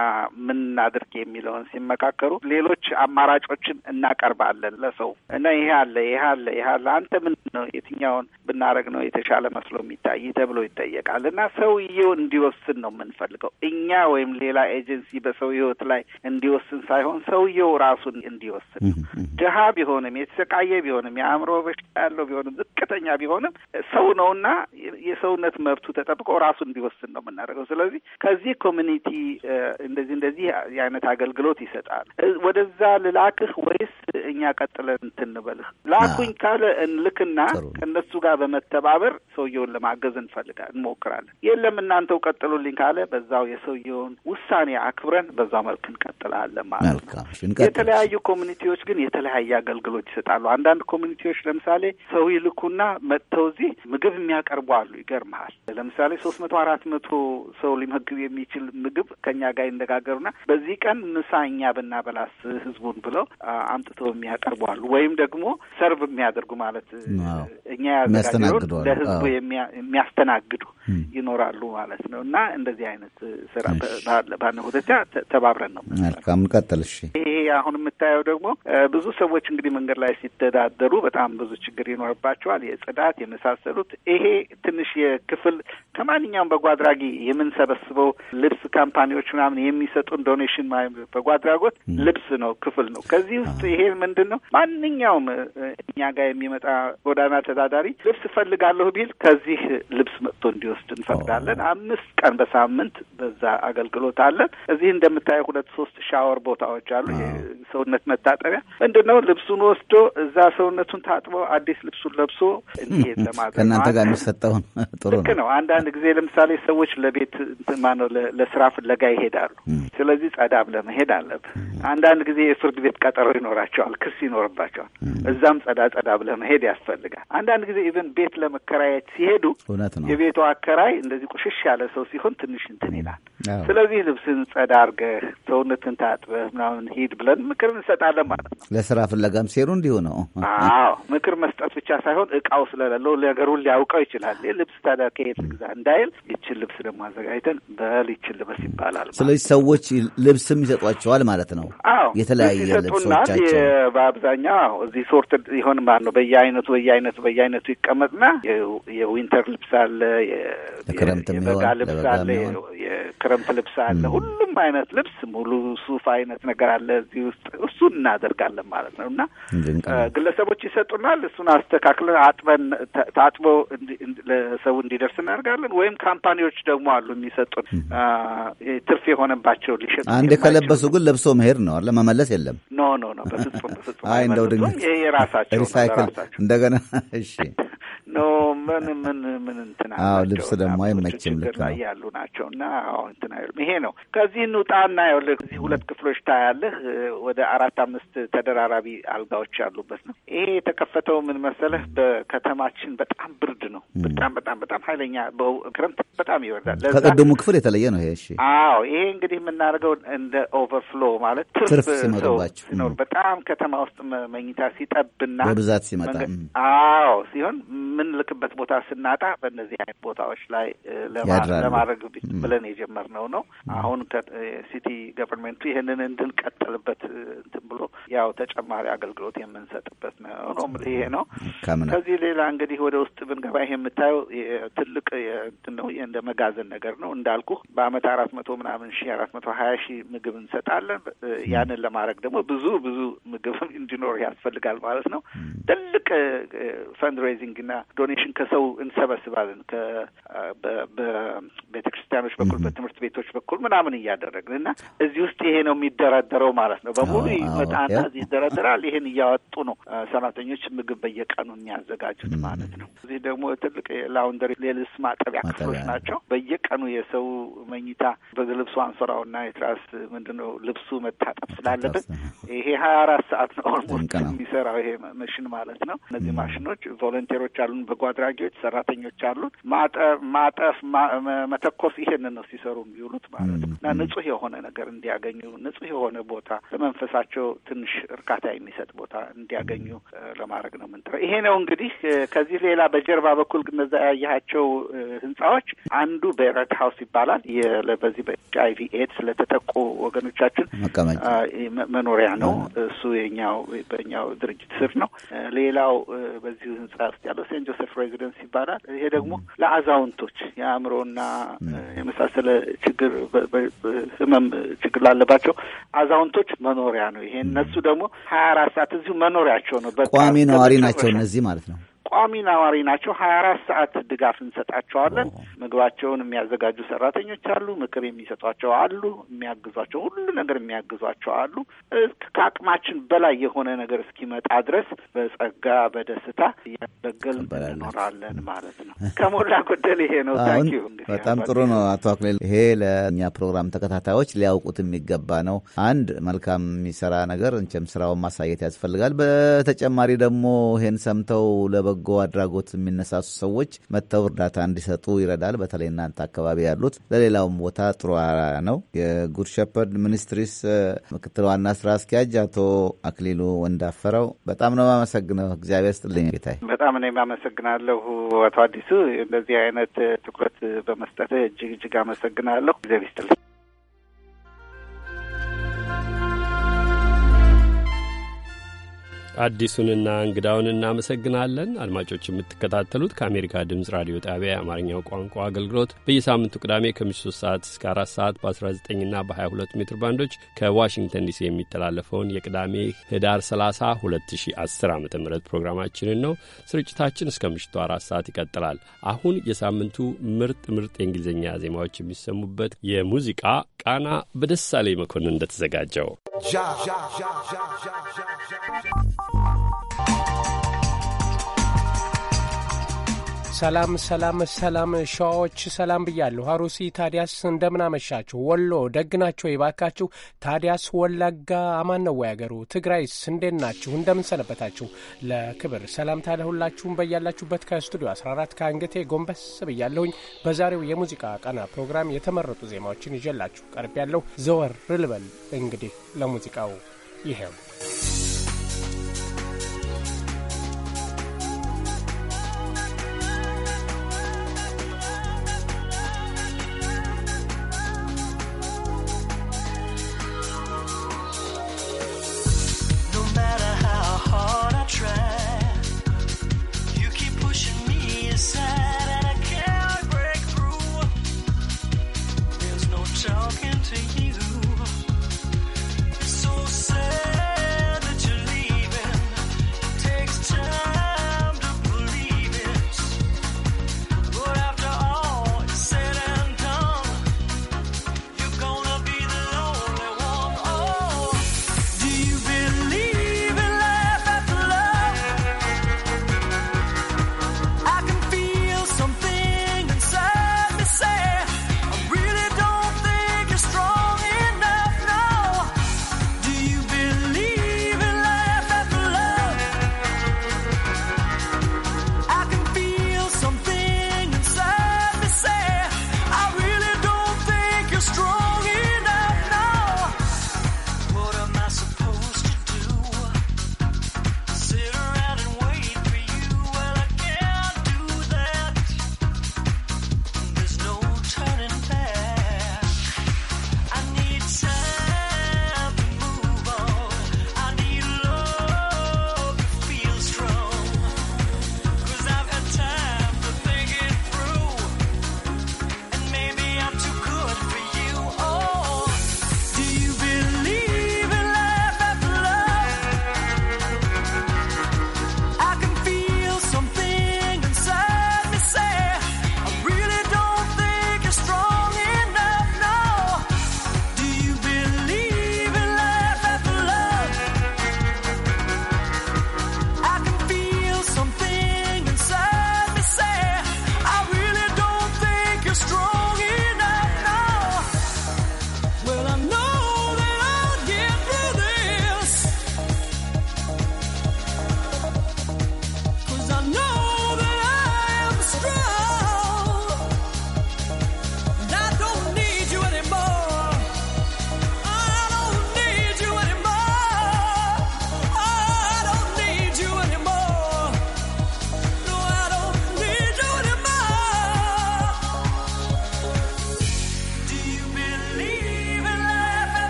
B: ምን እናድርግ የሚለውን ሲመካከሩ ሌሎች አማራጮች ሀሳቦችን እናቀርባለን ለሰው እና ይሄ አለ ይሄ አለ ይሄ አለ አንተ ምን ነው የትኛውን ብናደረግ ነው የተሻለ መስሎ የሚታይ ተብሎ ይጠየቃል። እና ሰውየው እንዲወስን ነው የምንፈልገው እኛ ወይም ሌላ ኤጀንሲ በሰው ህይወት ላይ እንዲወስን ሳይሆን ሰውየው ራሱን እንዲወስን ነው። ድሀ ቢሆንም የተሰቃየ ቢሆንም የአእምሮ በሽታ ያለው ቢሆንም ዝቅተኛ ቢሆንም ሰው እና የሰውነት መብቱ ተጠብቆ ራሱ እንዲወስን ነው የምናደርገው። ስለዚህ ከዚህ ኮሚኒቲ እንደዚህ እንደዚህ የአይነት አገልግሎት ይሰጣል፣ ወደዛ ልላክህ ወይስ እኛ ቀጥለን እንትንበልህ ላኩኝ ካለ እንልክና ከእነሱ ጋር በመተባበር ሰውየውን ለማገዝ እንፈልጋል እንሞክራለን። የለም እናንተው ቀጥሉልኝ ካለ በዛው የሰውየውን ውሳኔ አክብረን በዛው መልክ እንቀጥላለን ማለት ነው። የተለያዩ ኮሚኒቲዎች ግን የተለያየ አገልግሎት ይሰጣሉ። አንዳንድ ኮሚኒቲዎች ለምሳሌ ሰው ይልኩና መጥተው እዚህ ምግብ የሚያቀርቡ አሉ። ይገርመሃል። ለምሳሌ ሶስት መቶ አራት መቶ ሰው ሊመግብ የሚችል ምግብ ከኛ ጋር ይነጋገሩና በዚህ ቀን ምሳ እኛ ብናበላስ ህዝቡን ብለው አምጥተው የሚያቀርቡ አሉ። ወይም ደግሞ ሰርቭ የሚያደርጉ ማለት እኛ ያዘጋጀውን ለህዝቡ የሚያስተናግዱ ይኖራሉ ማለት ነው። እና እንደዚህ አይነት ስራ ባለ ሁለታ ተባብረን ነው።
D: መልካም ቀጥል። እሺ፣
B: ይሄ አሁን የምታየው ደግሞ ብዙ ሰዎች እንግዲህ መንገድ ላይ ሲተዳደሩ በጣም ብዙ ችግር ይኖርባቸዋል። የጽዳት የመሳሰሉት። ይሄ ትንሽ የክፍል ከማንኛውም በጎ አድራጊ የምንሰበስበው ልብስ ካምፓኒዎች ምናምን የሚሰጡን ዶኔሽን በጎ አድራጎት ልብስ ነው፣ ክፍል ነው። ከዚህ ውስጥ ይሄ ምንድን ነው? ማንኛውም እኛ ጋር የሚመጣ ጎዳና ተዳዳሪ ልብስ እፈልጋለሁ ቢል ከዚህ ልብስ መጥቶ እንዲወስድ እንፈቅዳለን። አምስት ቀን በሳምንት በዛ አገልግሎት አለን። እዚህ እንደምታየው ሁለት ሶስት ሻወር ቦታዎች አሉ። ሰውነት መታጠቢያ ምንድን ነው? ልብሱን ወስዶ እዛ ሰውነቱን ታጥቦ አዲስ ልብሱን ለብሶ እንሄድ ለማድረግ ከእናንተ ጋር
D: የሚሰጠውን ጥሩ ልክ
B: ነው። አንዳንድ ጊዜ ለምሳሌ ሰዎች ለቤት ማነው ለስራ ፍለጋ ይሄዳሉ። ስለዚህ ጸዳ ብለህ መሄድ አለብህ። አንዳንድ ጊዜ የፍርድ ቤት ቀ ቀጠሮ ይኖራቸዋል፣ ክስ ይኖርባቸዋል። እዛም ጸዳ ጸዳ ብለህ መሄድ ያስፈልጋል። አንዳንድ ጊዜ ኢቨን ቤት ለመከራየት ሲሄዱ የቤቱ አከራይ እንደዚህ ቁሽሽ ያለ ሰው ሲሆን ትንሽ እንትን ይላል። ስለዚህ ልብስን ጸዳ አርገህ ሰውነትን ታጥበህ ምናምን ሂድ ብለን ምክር እንሰጣለን ማለት ነው።
D: ለስራ ፍለጋም ሲሄዱ እንዲሁ ነው። አዎ
B: ምክር መስጠት ብቻ ሳይሆን እቃው ስለሌለው ነገሩን ሊያውቀው ይችላል። ልብስ ታዲያ ከየት ግዛ እንዳይል ይችን ልብስ ደግሞ አዘጋጅተን በል ይችን ልበስ ይባላል። ስለዚህ
D: ሰዎች ልብስም ይሰጧቸዋል ማለት ነው። አዎ የተለያየ ልብስ ናት።
B: በአብዛኛው እዚህ ሶርት ይሆን ማለት ነው። በየአይነቱ በየአይነቱ በየአይነቱ ይቀመጥና የዊንተር ልብስ አለ፣ የበጋ ልብስ አለ፣ የክረምት ልብስ አለ። ሁሉም አይነት ልብስ ሙሉ ሱፍ አይነት ነገር አለ እዚህ ውስጥ። እሱን እናደርጋለን ማለት ነው እና ግለሰቦች ይሰጡናል። እሱን አስተካክለን አጥበን ታጥቦ ለሰው እንዲደርስ እናደርጋለን። ወይም ካምፓኒዎች ደግሞ አሉ የሚሰጡን ትርፍ የሆነባቸው ሊሸጡ አንድ ከለበሱ
D: ግን ለብሶ መሄድ ነው አለ መመለስ የለም።
B: ኖ ኖ ኖ፣ በፍጹም በፍጹም። አይ እንደው ድንገት ይሄ የራሳቸው ሪሳይክል
D: እንደገና እሺ
B: ምን ምን ምን እንትና
D: አዎ ልብስ ደግሞ አይመችም። ልክ ነው
B: ያሉ ናቸው እና አዎ እንትና ይሄ ነው። ከዚህ እንውጣ እንውጣና ይኸውልህ እዚህ ሁለት ክፍሎች ታያለህ። ወደ አራት አምስት ተደራራቢ አልጋዎች ያሉበት ነው። ይሄ የተከፈተው ምን መሰለህ፣ በከተማችን በጣም ብርድ ነው። በጣም በጣም በጣም ሀይለኛ ክረምት በጣም ይወርዳል። ከቅድሙ
D: ክፍል የተለየ ነው ይሄ። እሺ አዎ
B: ይሄ እንግዲህ የምናደርገው እንደ ኦቨርፍሎ ማለት ትርፍ ሲመጣባቸው ሲኖር በጣም ከተማ ውስጥ መኝታ ሲጠብና በብዛት ሲመጣ አዎ ሲሆን ምን ልክበት ቦታ ስናጣ በእነዚህ አይነት ቦታዎች ላይ ለማድረግ ብለን የጀመርነው ነው። አሁን ሲቲ ገቨርንመንቱ ይህንን እንድንቀጥልበት እንትን ብሎ ያው ተጨማሪ አገልግሎት የምንሰጥበት ነው ነው ይሄ ነው። ከዚህ ሌላ እንግዲህ ወደ ውስጥ ብንገባ ይሄ የምታየው ትልቅ ነው እንደ መጋዘን ነገር ነው እንዳልኩ በአመት አራት መቶ ምናምን ሺ አራት መቶ ሀያ ሺህ ምግብ እንሰጣለን። ያንን ለማድረግ ደግሞ ብዙ ብዙ ምግብ እንዲኖር ያስፈልጋል ማለት ነው። ትልቅ ፈንድሬዚንግ እና ዶኔሽን ከሰው እንሰበስባለን በቤተ ክርስቲያኖች በኩል በትምህርት ቤቶች በኩል ምናምን እያደረግን እና እዚህ ውስጥ ይሄ ነው የሚደረደረው ማለት ነው። በሙሉ ይመጣና እዚህ ይደረደራል። ይሄን እያወጡ ነው ሰራተኞች ምግብ በየቀኑ የሚያዘጋጁት ማለት ነው። እዚህ ደግሞ ትልቅ ላውንደሪ ሌልስ ማጠቢያ ክፍሎች ናቸው። በየቀኑ የሰው መኝታ በልብሱ እና የትራስ ምንድነው ልብሱ መታጠብ ስላለበት ይሄ ሀያ አራት ሰዓት ነው ኦልሞስት የሚሰራው ይሄ መሽን ማለት ነው። እነዚህ ማሽኖች ቮለንቴሮች አሉን በጓድራ አዘጋጆች ሰራተኞች አሉት። ማጠብ፣ ማጠፍ፣ መተኮስ ይሄንን ነው ሲሰሩ የሚውሉት ማለት ነው። እና ንጹህ የሆነ ነገር እንዲያገኙ ንጹህ የሆነ ቦታ ለመንፈሳቸው ትንሽ እርካታ የሚሰጥ ቦታ እንዲያገኙ ለማድረግ ነው የምንጥረው። ይሄ ነው እንግዲህ ከዚህ ሌላ በጀርባ በኩል እነዛ ያያቸው ህንጻዎች አንዱ በረድ ሀውስ ይባላል። በዚህ በኤች አይ ኤድስ ስለተጠቁ ወገኖቻችን መኖሪያ ነው። እሱ የኛው በኛው ድርጅት ስር ነው። ሌላው በዚሁ ህንጻ ውስጥ ያለው ሴንት ጆሴፍ ሬዚ ኢንሹረንስ ይባላል። ይሄ ደግሞ ለአዛውንቶች የአእምሮና የመሳሰለ ችግር ህመም ችግር ላለባቸው አዛውንቶች መኖሪያ ነው። ይሄ እነሱ ደግሞ ሀያ አራት ሰዓት እዚሁ መኖሪያቸው ነው። ቋሚ ነዋሪ ናቸው
D: እነዚህ ማለት ነው።
B: ቋሚ ነዋሪ ናቸው። ሀያ አራት ሰዓት ድጋፍ እንሰጣቸዋለን። ምግባቸውን የሚያዘጋጁ ሰራተኞች አሉ፣ ምክር የሚሰጧቸው አሉ፣ የሚያግዟቸው ሁሉ ነገር የሚያግዟቸው አሉ። ከአቅማችን በላይ የሆነ ነገር እስኪመጣ ድረስ በጸጋ በደስታ እያበገል እንኖራለን ማለት ነው። ከሞላ ጎደል ይሄ ነው። ታንኪዩ።
D: በጣም ጥሩ ነው አቶ አክሌል። ይሄ ለእኛ ፕሮግራም ተከታታዮች ሊያውቁት የሚገባ ነው። አንድ መልካም የሚሰራ ነገር እንቸም ስራውን ማሳየት ያስፈልጋል። በተጨማሪ ደግሞ ይሄን ሰምተው ለበ በበጎ አድራጎት የሚነሳሱ ሰዎች መጥተው እርዳታ እንዲሰጡ ይረዳል። በተለይ እናንተ አካባቢ ያሉት ለሌላውም ቦታ ጥሩ አርአያ ነው። የጉድ ሸፐርድ ሚኒስትሪስ ምክትል ዋና ስራ አስኪያጅ አቶ አክሊሉ ወንዳፈረው በጣም ነው የማመሰግነው። እግዚአብሔር ስጥልኝ ጌታ።
B: በጣም ነው የማመሰግናለሁ አቶ አዲሱ፣ እንደዚህ አይነት ትኩረት በመስጠት እጅግ እጅግ አመሰግናለሁ። እግዚአብሔር ስጥልኝ።
A: አዲሱንና እንግዳውን እናመሰግናለን። አድማጮች የምትከታተሉት ከአሜሪካ ድምፅ ራዲዮ ጣቢያ የአማርኛው ቋንቋ አገልግሎት በየሳምንቱ ቅዳሜ ከምሽቱ 3 ሰዓት እስከ 4 ሰዓት በ19ና በ22 ሜትር ባንዶች ከዋሽንግተን ዲሲ የሚተላለፈውን የቅዳሜ ህዳር 30 2010 ዓ ም ፕሮግራማችንን ነው። ስርጭታችን እስከ ምሽቱ 4 ሰዓት ይቀጥላል። አሁን የሳምንቱ ምርጥ ምርጥ የእንግሊዝኛ ዜማዎች የሚሰሙበት የሙዚቃ ቃና በደሳሌ መኮንን እንደተዘጋጀው
E: Ja. job. job. job. job. job. job. job.
F: ሰላም ሰላም ሰላም ሸዋዎች ሰላም ብያለሁ። ሀሩሲ ታዲያስ እንደምናመሻችሁ። ወሎ ደግ ናቸው የባካችሁ። ታዲያስ ወለጋ አማን ነው ወይ አገሩ? ትግራይስ እንዴት ናችሁ? እንደምንሰነበታችሁ። ለክብር ሰላምታ ለሁላችሁም በያላችሁበት ከስቱዲዮ 14 ከአንገቴ ጎንበስ ብያለሁኝ። በዛሬው የሙዚቃ ቀና ፕሮግራም የተመረጡ ዜማዎችን ይዤላችሁ ቀርብ ዘወር ልበል እንግዲህ ለሙዚቃው ይሄው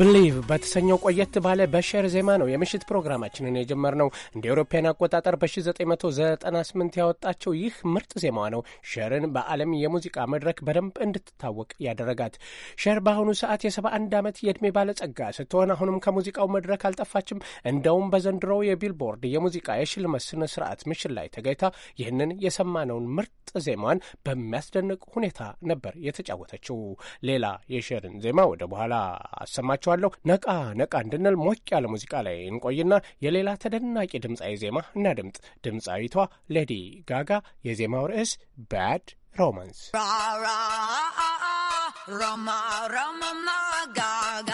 F: ብሊቭ በተሰኘው ቆየት ባለ በሸር ዜማ ነው የምሽት ፕሮግራማችንን የጀመርነው። እንደ ኤውሮፓያን አቆጣጠር በ1998 ያወጣቸው ይህ ምርጥ ዜማዋ ነው ሸርን በዓለም የሙዚቃ መድረክ በደንብ እንድትታወቅ ያደረጋት። ሸር በአሁኑ ሰዓት የ71 ዓመት የዕድሜ ባለጸጋ ስትሆን አሁንም ከሙዚቃው መድረክ አልጠፋችም። እንደውም በዘንድሮው የቢልቦርድ የሙዚቃ የሽልመት ስነ ስርዓት ምሽት ላይ ተገኝታ ይህንን የሰማነውን ምርጥ ዜማዋን በሚያስደንቅ ሁኔታ ነበር የተጫወተችው። ሌላ የሸርን ዜማ ወደ በኋላ አሰማቸ። አሰማችኋለሁ። ነቃ ነቃ እንድንል ሞቅ ያለ ሙዚቃ ላይ እንቆይና የሌላ ተደናቂ ድምፃዊ ዜማ እናድምጥ። ድምፃዊቷ ሌዲ ጋጋ የዜማው ርዕስ ባድ ሮማንስ
G: ሮማ ሮማ ጋጋ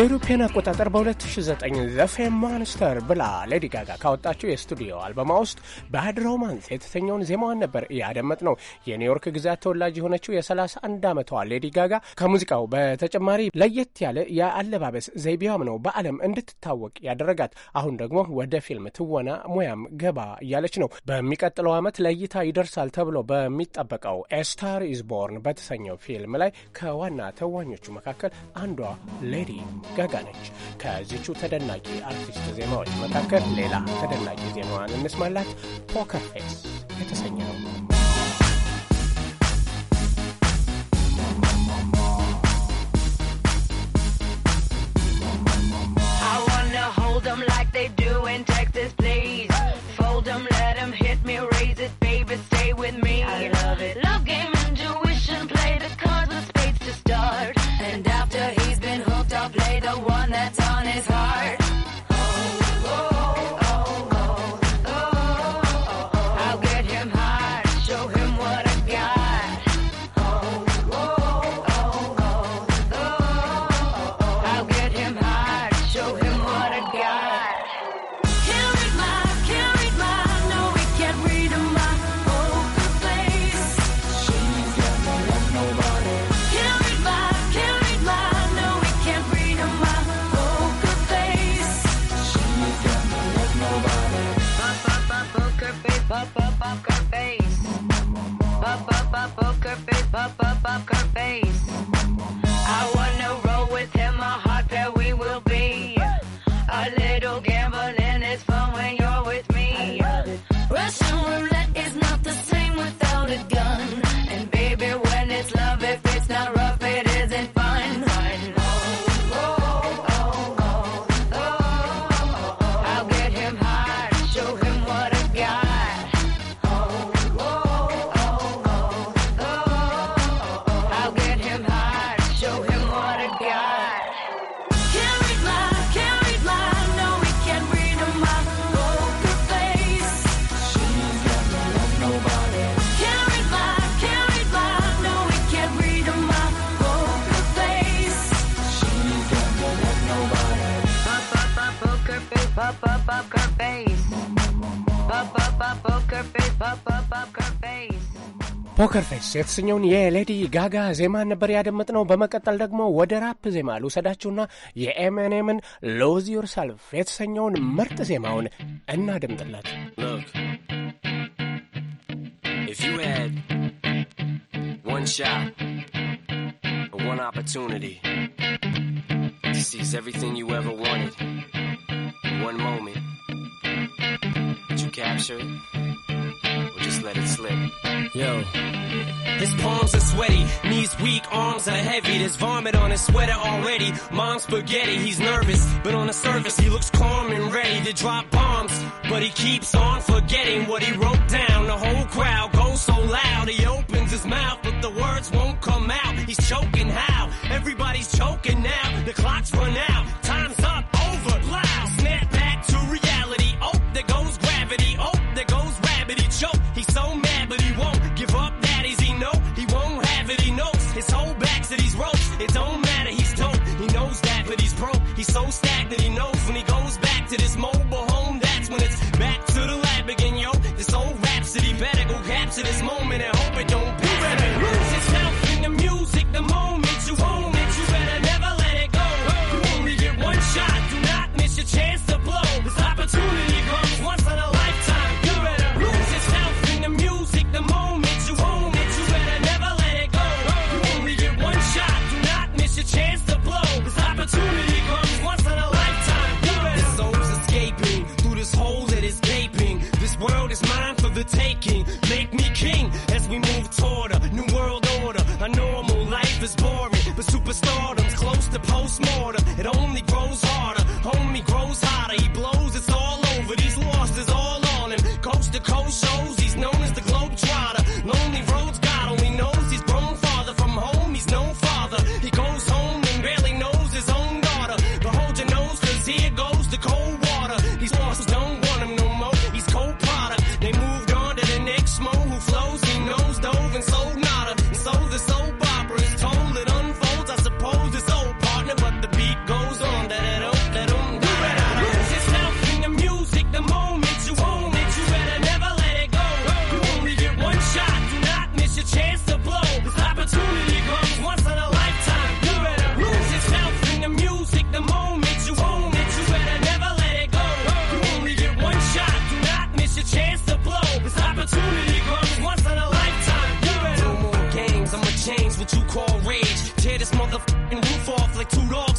F: አውሮፓውያን አቆጣጠር በ2009 ዘ ፌም ማንስተር ብላ ሌዲ ጋጋ ካወጣችው የስቱዲዮ አልበማ ውስጥ ባድ ሮማንስ የተሰኘውን ዜማዋን ነበር እያደመጥ ነው። የኒውዮርክ ግዛት ተወላጅ የሆነችው የ31 ዓመቷ ሌዲ ጋጋ ከሙዚቃው በተጨማሪ ለየት ያለ የአለባበስ ዘይቤዋም ነው በዓለም እንድትታወቅ ያደረጋት። አሁን ደግሞ ወደ ፊልም ትወና ሙያም ገባ እያለች ነው። በሚቀጥለው ዓመት ለእይታ ይደርሳል ተብሎ በሚጠበቀው ኤስታር ኢዝ ቦርን በተሰኘው ፊልም ላይ ከዋና ተዋኞቹ መካከል አንዷ ሌዲ ጋጋ ነች። ከዚቹ ተደናቂ አርቲስት ዜማዎች መካከል ሌላ ተደናቂ ዜማዋን እንስማላት። ፖከር ፌስ የተሰኘ ነው።
G: They do in Texas, please. Fold them like up, up, up, curve
F: ዩኒቨርስ የተሰኘውን የሌዲ ጋጋ ዜማ ነበር ያደመጥ ነው በመቀጠል ደግሞ ወደ ራፕ ዜማ ልውሰዳችሁና የኤምንኤምን ሎዝ ዩርሰልፍ የተሰኘውን ምርጥ ዜማውን እናደምጥላችሁ።
H: let it slip. Yo. His palms are sweaty, knees weak, arms are heavy. There's vomit on his sweater already. Mom's spaghetti, he's nervous, but on the surface he looks calm and ready to drop bombs. But he keeps on forgetting what he wrote down. The whole crowd goes so loud, he opens his mouth, but the words won't come out. He's choking how? Everybody's choking now. The clock's run out. He's so sick.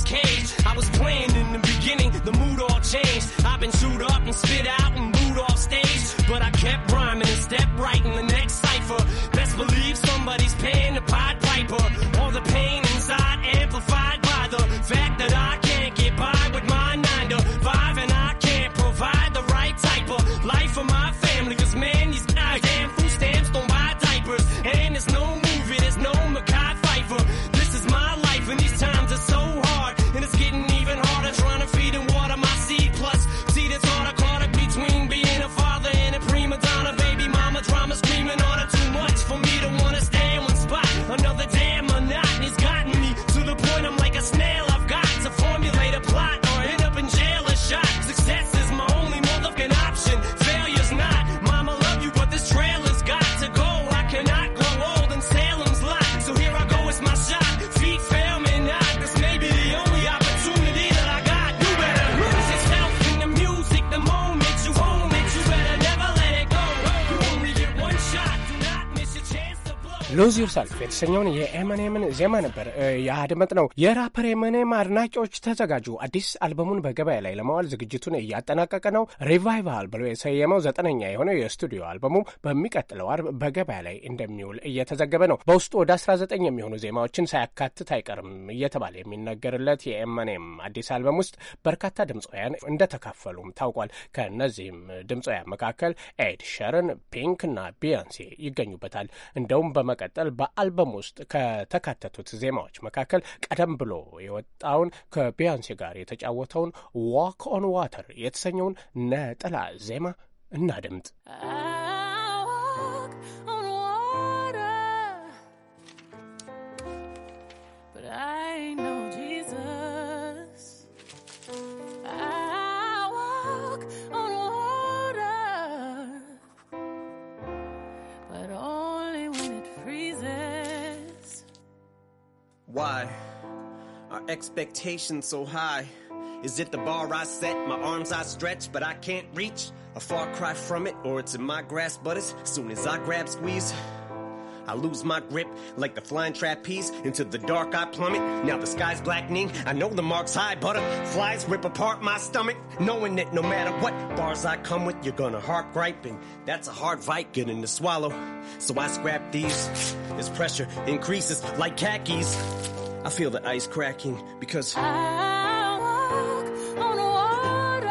H: cage. I was playing
F: በዚሁ ሰልፍ የተሰኘውን የኤምንምን ዜማ ነበር ነው። የራፐር ኤምንም አድናቂዎች ተዘጋጁ፣ አዲስ አልበሙን በገበያ ላይ ለማዋል ዝግጅቱን እያጠናቀቀ ነው። ሪቫይቫል ብሎ የሰየመው ዘጠነኛ የሆነው የስቱዲዮ አልበሙ በሚቀጥለው አርብ በገበያ ላይ እንደሚውል እየተዘገበ ነው። በውስጡ ወደ 19 የሚሆኑ ዜማዎችን ሳያካትት አይቀርም እየተባለ የሚነገርለት የኤምንም አዲስ አልበም ውስጥ በርካታ ድምፃውያን እንደተካፈሉም ታውቋል። ከእነዚህም ድምፃውያን መካከል ኤድ ሸርን፣ ፒንክ እና ቢያንሴ ይገኙበታል። እንደውም በመቀጠል በመቀጠል በአልበም ውስጥ ከተካተቱት ዜማዎች መካከል ቀደም ብሎ የወጣውን ከቢያንሴ ጋር የተጫወተውን ዋክ ኦን ዋተር የተሰኘውን ነጠላ ዜማ እናድምጥ።
I: Expectations so high. Is it the bar I set? My arms I stretch, but I can't reach. A far cry from it, or it's in my grasp, but as soon as I grab squeeze, I lose my grip like the flying trapeze. Into the dark I plummet. Now the sky's blackening. I know the mark's high, butterflies rip apart my stomach. Knowing that no matter what bars I come with, you're gonna harp and That's a hard fight getting to swallow. So I scrap these. As pressure increases like khakis. I feel the ice cracking because I walk on water,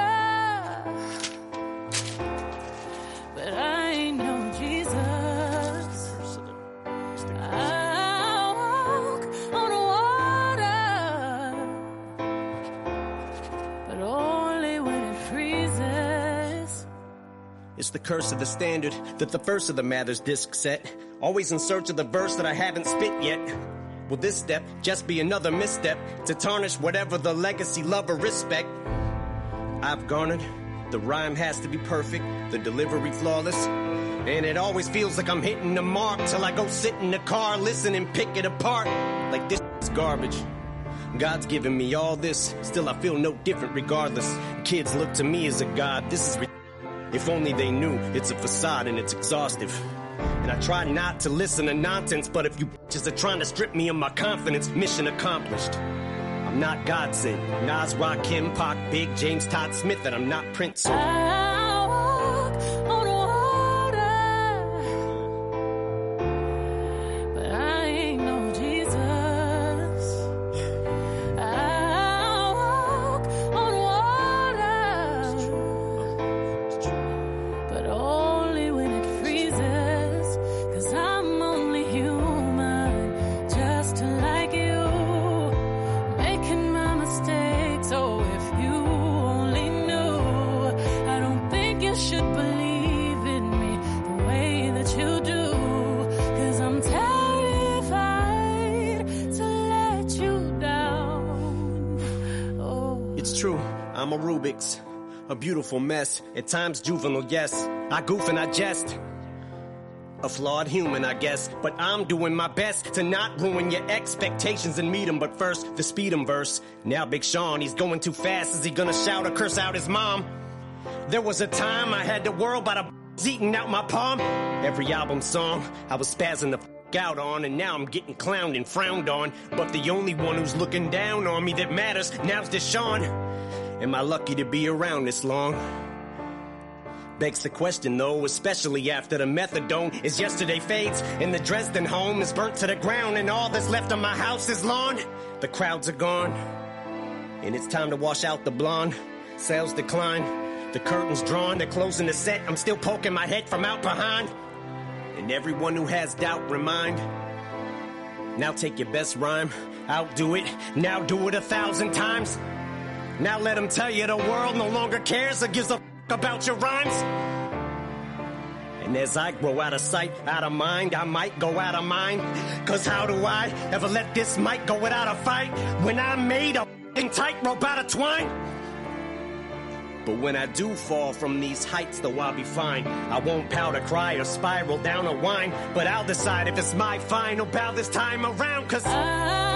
J: but I know Jesus. I walk on water,
I: but only when it freezes. It's the curse of the standard that the first of the Mathers disc set. Always in search of the verse that I haven't spit yet. Will this step just be another misstep to tarnish whatever the legacy, love, or respect I've garnered? The rhyme has to be perfect, the delivery flawless. And it always feels like I'm hitting the mark till I go sit in the car, listen and pick it apart. Like this is garbage. God's given me all this, still I feel no different regardless. Kids look to me as a god, this is. Re- if only they knew it's a facade and it's exhaustive. And I try not to listen to nonsense, but if you bitches are trying to strip me of my confidence, mission accomplished. I'm not Godson, Nas, Kim, Pac, Big James, Todd Smith, and I'm not Prince. So. beautiful mess, at times juvenile, yes. I goof and I jest. A flawed human, I guess, but I'm doing my best to not ruin your expectations and meet 'em. But first, the speed 'em verse. Now, Big Sean, he's going too fast. Is he gonna shout or curse out his mom? There was a time I had the world by the b****s eating out my palm. Every album song, I was spazzing the f- out on, and now I'm getting clowned and frowned on. But the only one who's looking down on me that matters now's Deshaun. Am I lucky to be around this long? Begs the question though, especially after the methadone is yesterday fades and the Dresden home is burnt to the ground and all that's left of my house is lawn. The crowds are gone and it's time to wash out the blonde. Sales decline, the curtains drawn, they're closing the set. I'm still poking my head from out behind. And everyone who has doubt, remind. Now take your best rhyme, outdo it, now do it a thousand times. Now let them tell you the world no longer cares or gives a f- about your rhymes. And as I grow out of sight, out of mind, I might go out of mind. Cause how do I ever let this mic go without a fight when I made a tight rope out of twine? But when I do fall from these heights, though I'll be fine. I won't powder cry or spiral down or whine, but I'll decide if it's my final bow this time around, cause I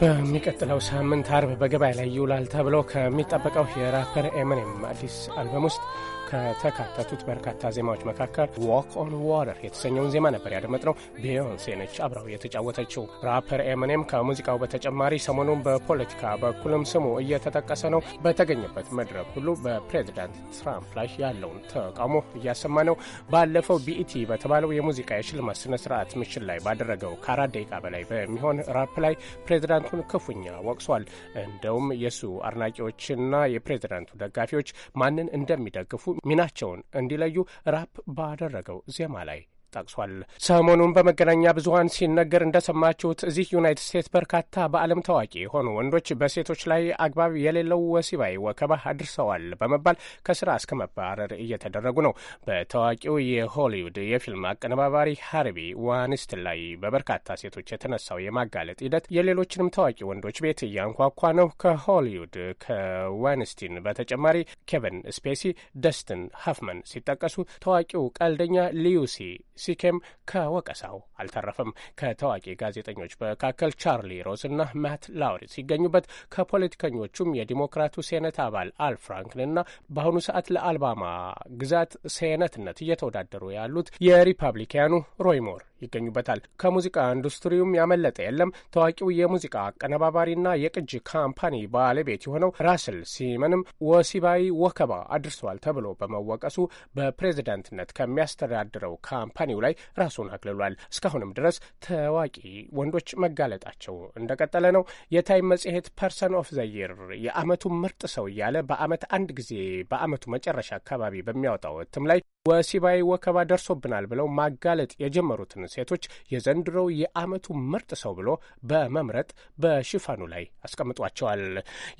F: በሚቀጥለው ሳምንት አርብ በገበያ ላይ ይውላል ተብሎ ከሚጠበቀው የራፐር ኤምኔም አዲስ አልበም ውስጥ ከተካተቱት በርካታ ዜማዎች መካከል ዋክ ኦን ዋተር የተሰኘውን ዜማ ነበር ያደመጥነው። ቢዮንሴ ነች አብረው የተጫወተችው። ራፐር ኤምኔም ከሙዚቃው በተጨማሪ ሰሞኑን በፖለቲካ በኩልም ስሙ እየተጠቀሰ ነው። በተገኘበት መድረክ ሁሉ በፕሬዚዳንት ትራምፕ ላይ ያለውን ተቃውሞ እያሰማ ነው። ባለፈው ቢኢቲ በተባለው የሙዚቃ የሽልማት ስነ ስርዓት ምሽል ላይ ባደረገው ከአራት ደቂቃ በላይ በሚሆን ራፕ ላይ ፕሬዚዳንቱን ክፉኛ ወቅሷል። እንደውም የሱ አድናቂዎችና የፕሬዚዳንቱ ደጋፊዎች ማንን እንደሚደግፉ ሚናቸውን እንዲለዩ ራፕ ባደረገው ዜማ ላይ ጠቅሷል። ሰሞኑን በመገናኛ ብዙኃን ሲነገር እንደሰማችሁት እዚህ ዩናይትድ ስቴትስ በርካታ በዓለም ታዋቂ የሆኑ ወንዶች በሴቶች ላይ አግባብ የሌለው ወሲባዊ ወከባ አድርሰዋል በመባል ከስራ እስከ መባረር እየተደረጉ ነው። በታዋቂው የሆሊውድ የፊልም አቀነባባሪ ሃርቪ ዋንስቲን ላይ በበርካታ ሴቶች የተነሳው የማጋለጥ ሂደት የሌሎችንም ታዋቂ ወንዶች ቤት እያንኳኳ ነው። ከሆሊውድ ከዋንስቲን በተጨማሪ ኬቨን ስፔሲ፣ ደስትን ሀፍመን ሲጠቀሱ ታዋቂው ቀልደኛ ሊዩሲ ሲኬም ከወቀሳው አልተረፈም። ከታዋቂ ጋዜጠኞች መካከል ቻርሊ ሮዝ እና ማት ላውሪ ሲገኙበት ከፖለቲከኞቹም የዲሞክራቱ ሴኔት አባል አል ፍራንክንና በአሁኑ ሰዓት ለአልባማ ግዛት ሴነትነት እየተወዳደሩ ያሉት የሪፐብሊካኑ ሮይ ሞር ይገኙበታል። ከሙዚቃ ኢንዱስትሪውም ያመለጠ የለም። ታዋቂው የሙዚቃ አቀነባባሪና የቅጅ ካምፓኒ ባለቤት የሆነው ራስል ሲመንም ወሲባዊ ወከባ አድርሷል ተብሎ በመወቀሱ በፕሬዝዳንትነት ከሚያስተዳድረው ካምፓኒው ላይ ራሱን አግልሏል። እስካሁንም ድረስ ታዋቂ ወንዶች መጋለጣቸው እንደቀጠለ ነው። የታይም መጽሔት ፐርሰን ኦፍ ዘይር የአመቱ ምርጥ ሰው እያለ በአመት አንድ ጊዜ በአመቱ መጨረሻ አካባቢ በሚያወጣው እትም ላይ ወሲባዊ ወከባ ደርሶብናል ብለው ማጋለጥ የጀመሩትን ሴቶች የዘንድሮው የዓመቱ ምርጥ ሰው ብሎ በመምረጥ በሽፋኑ ላይ አስቀምጧቸዋል።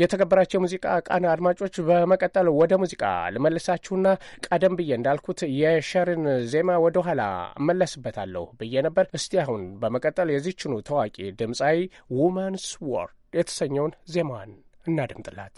F: የተከበራቸው የሙዚቃ ቃና አድማጮች፣ በመቀጠል ወደ ሙዚቃ ልመልሳችሁና ቀደም ብዬ እንዳልኩት የሸርን ዜማ ወደ ኋላ እመለስበታለሁ ብዬ ነበር። እስቲ አሁን በመቀጠል የዚችኑ ታዋቂ ድምፃዊ ውመንስ ወርድ የተሰኘውን ዜማዋን እናድምጥላት።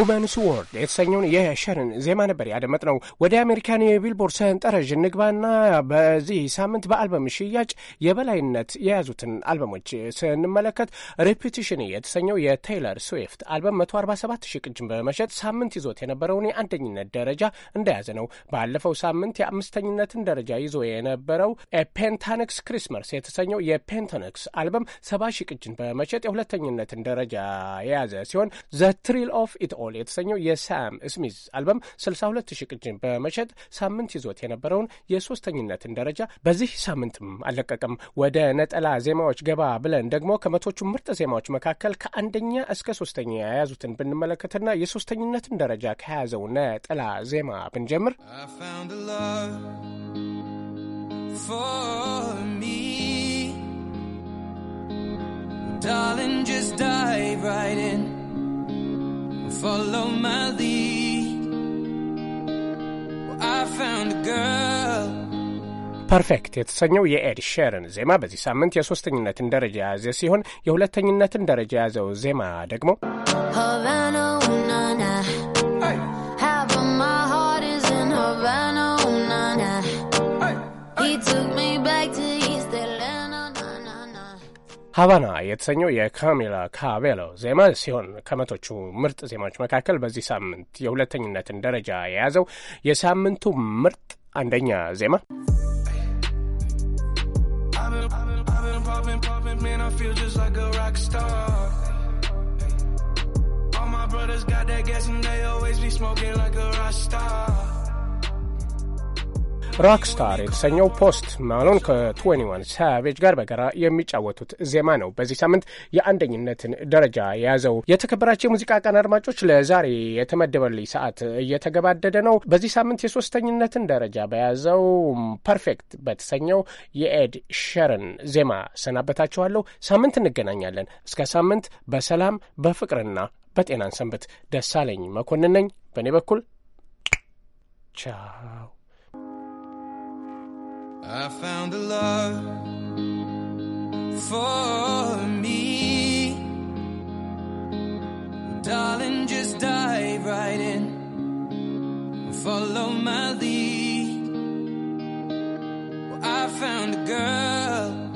F: ውመንስ ወርድ የተሰኘውን የሸርን ዜማ ነበር ያደመጥነው። ወደ አሜሪካን የቢልቦርድ ሰንጠረዥ እንግባና በዚህ ሳምንት በአልበም ሽያጭ የበላይነት የያዙትን አልበሞች ስንመለከት ሬፒቲሽን የተሰኘው የቴይለር ስዊፍት አልበም 147 ሺ ቅጅን በመሸጥ ሳምንት ይዞት የነበረውን የአንደኝነት ደረጃ እንደያዘ ነው። ባለፈው ሳምንት የአምስተኝነትን ደረጃ ይዞ የነበረው ፔንታነክስ ክሪስመርስ የተሰኘው የፔንታነክስ አልበም ሰባ ሺ ቅጅን በመሸጥ የሁለተኝነትን ደረጃ የያዘ ሲሆን ዘ ትሪል ኦፍ ኢት ኦል የተሰኘው የሳም ስሚዝ አልበም 62 ሺህ ቅጅን በመሸጥ ሳምንት ይዞት የነበረውን የሶስተኝነትን ደረጃ በዚህ ሳምንትም አልለቀቅም። ወደ ነጠላ ዜማዎች ገባ ብለን ደግሞ ከመቶቹ ምርጥ ዜማዎች መካከል ከአንደኛ እስከ ሶስተኛ የያዙትን ብንመለከትና የሶስተኝነትን ደረጃ ከያዘው ነጠላ ዜማ ብንጀምር
K: Darling, just dive right in. follow my lead. Well, I found a girl.
F: ፐርፌክት የተሰኘው የኤድ ሼርን ዜማ በዚህ ሳምንት የሶስተኝነትን ደረጃ የያዘ ሲሆን የሁለተኝነትን ደረጃ የያዘው ዜማ ደግሞ ሀቫና የተሰኘው የካሜላ ካቬሎ ዜማ ሲሆን ከመቶቹ ምርጥ ዜማዎች መካከል በዚህ ሳምንት የሁለተኝነትን ደረጃ የያዘው የሳምንቱ ምርጥ አንደኛ ዜማ
K: brothers got that gas and they always be smoking like a rock star
F: ሮክስታር የተሰኘው ፖስት ማሎን ከ21 ሳቬጅ ጋር በጋራ የሚጫወቱት ዜማ ነው በዚህ ሳምንት የአንደኝነትን ደረጃ የያዘው። የተከበራቸው የሙዚቃ ቀን አድማጮች፣ ለዛሬ የተመደበልኝ ሰዓት እየተገባደደ ነው። በዚህ ሳምንት የሶስተኝነትን ደረጃ በያዘው ፐርፌክት በተሰኘው የኤድ ሸርን ዜማ ሰናበታችኋለሁ። ሳምንት እንገናኛለን። እስከ ሳምንት በሰላም በፍቅርና በጤናን ሰንበት። ደሳለኝ መኮንን ነኝ። በእኔ በኩል ቻው።
K: I found a love for me. darling, just dive right in. Follow my lead. Well, I found a girl,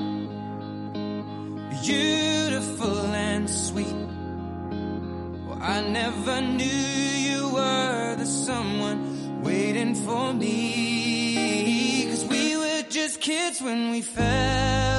K: beautiful and sweet. Well, I never knew you were the someone waiting for me kids when we fell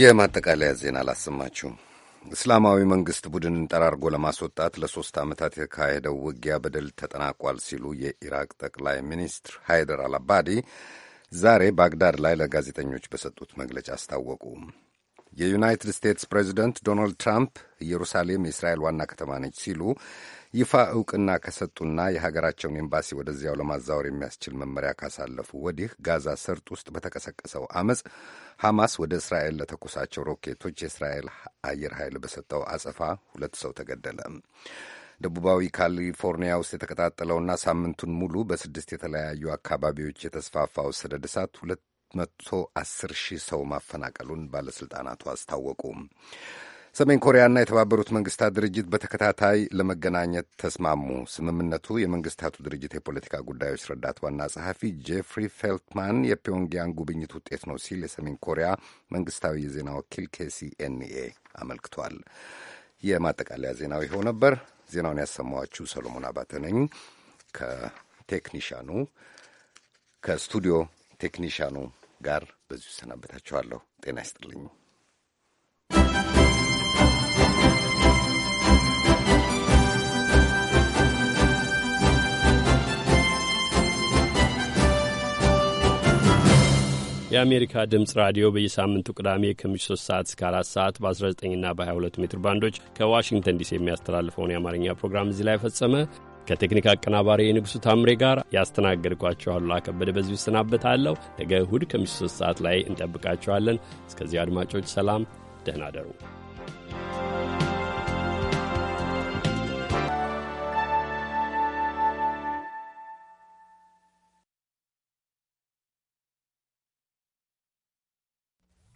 C: የማጠቃለያ ዜና አላሰማችሁም። እስላማዊ መንግሥት ቡድንን ጠራርጎ ለማስወጣት ለሦስት ዓመታት የተካሄደው ውጊያ በድል ተጠናቋል ሲሉ የኢራቅ ጠቅላይ ሚኒስትር ሃይደር አልአባዲ ዛሬ ባግዳድ ላይ ለጋዜጠኞች በሰጡት መግለጫ አስታወቁ። የዩናይትድ ስቴትስ ፕሬዚደንት ዶናልድ ትራምፕ ኢየሩሳሌም የእስራኤል ዋና ከተማ ነች ሲሉ ይፋ እውቅና ከሰጡና የሀገራቸውን ኤምባሲ ወደዚያው ለማዛወር የሚያስችል መመሪያ ካሳለፉ ወዲህ ጋዛ ሰርጥ ውስጥ በተቀሰቀሰው አመፅ ሐማስ ወደ እስራኤል ለተኮሳቸው ሮኬቶች የእስራኤል አየር ኃይል በሰጠው አጸፋ ሁለት ሰው ተገደለ። ደቡባዊ ካሊፎርኒያ ውስጥ የተቀጣጠለውና ሳምንቱን ሙሉ በስድስት የተለያዩ አካባቢዎች የተስፋፋው ሰደድ እሳት ሁለት መቶ አስር ሺህ ሰው ማፈናቀሉን ባለሥልጣናቱ አስታወቁ። ሰሜን ኮሪያና የተባበሩት መንግስታት ድርጅት በተከታታይ ለመገናኘት ተስማሙ። ስምምነቱ የመንግስታቱ ድርጅት የፖለቲካ ጉዳዮች ረዳት ዋና ጸሐፊ ጄፍሪ ፌልትማን የፒዮንግያን ጉብኝት ውጤት ነው ሲል የሰሜን ኮሪያ መንግስታዊ የዜና ወኪል ኬሲኤንኤ አመልክቷል። የማጠቃለያ ዜናው ይኸው ነበር። ዜናውን ያሰማኋችሁ ሰሎሞን አባተ ነኝ። ከቴክኒሻኑ ከስቱዲዮ ቴክኒሻኑ ጋር በዚሁ ይሰናበታችኋለሁ። ጤና ይስጥልኝ።
A: የአሜሪካ ድምፅ ራዲዮ በየሳምንቱ ቅዳሜ ከምሽቱ 3 ሰዓት እስከ 4 ሰዓት በ19ና በ22 ሜትር ባንዶች ከዋሽንግተን ዲሲ የሚያስተላልፈውን የአማርኛ ፕሮግራም እዚህ ላይ ፈጸመ። ከቴክኒክ አቀናባሪ የንጉሱ ታምሬ ጋር ያስተናገድኳችሁ አሉላ ከበደ በዚሁ እሰናበታለሁ። ነገ እሁድ ከምሽቱ 3 ሰዓት ላይ እንጠብቃችኋለን። እስከዚህ አድማጮች ሰላም፣ ደህና አደሩ።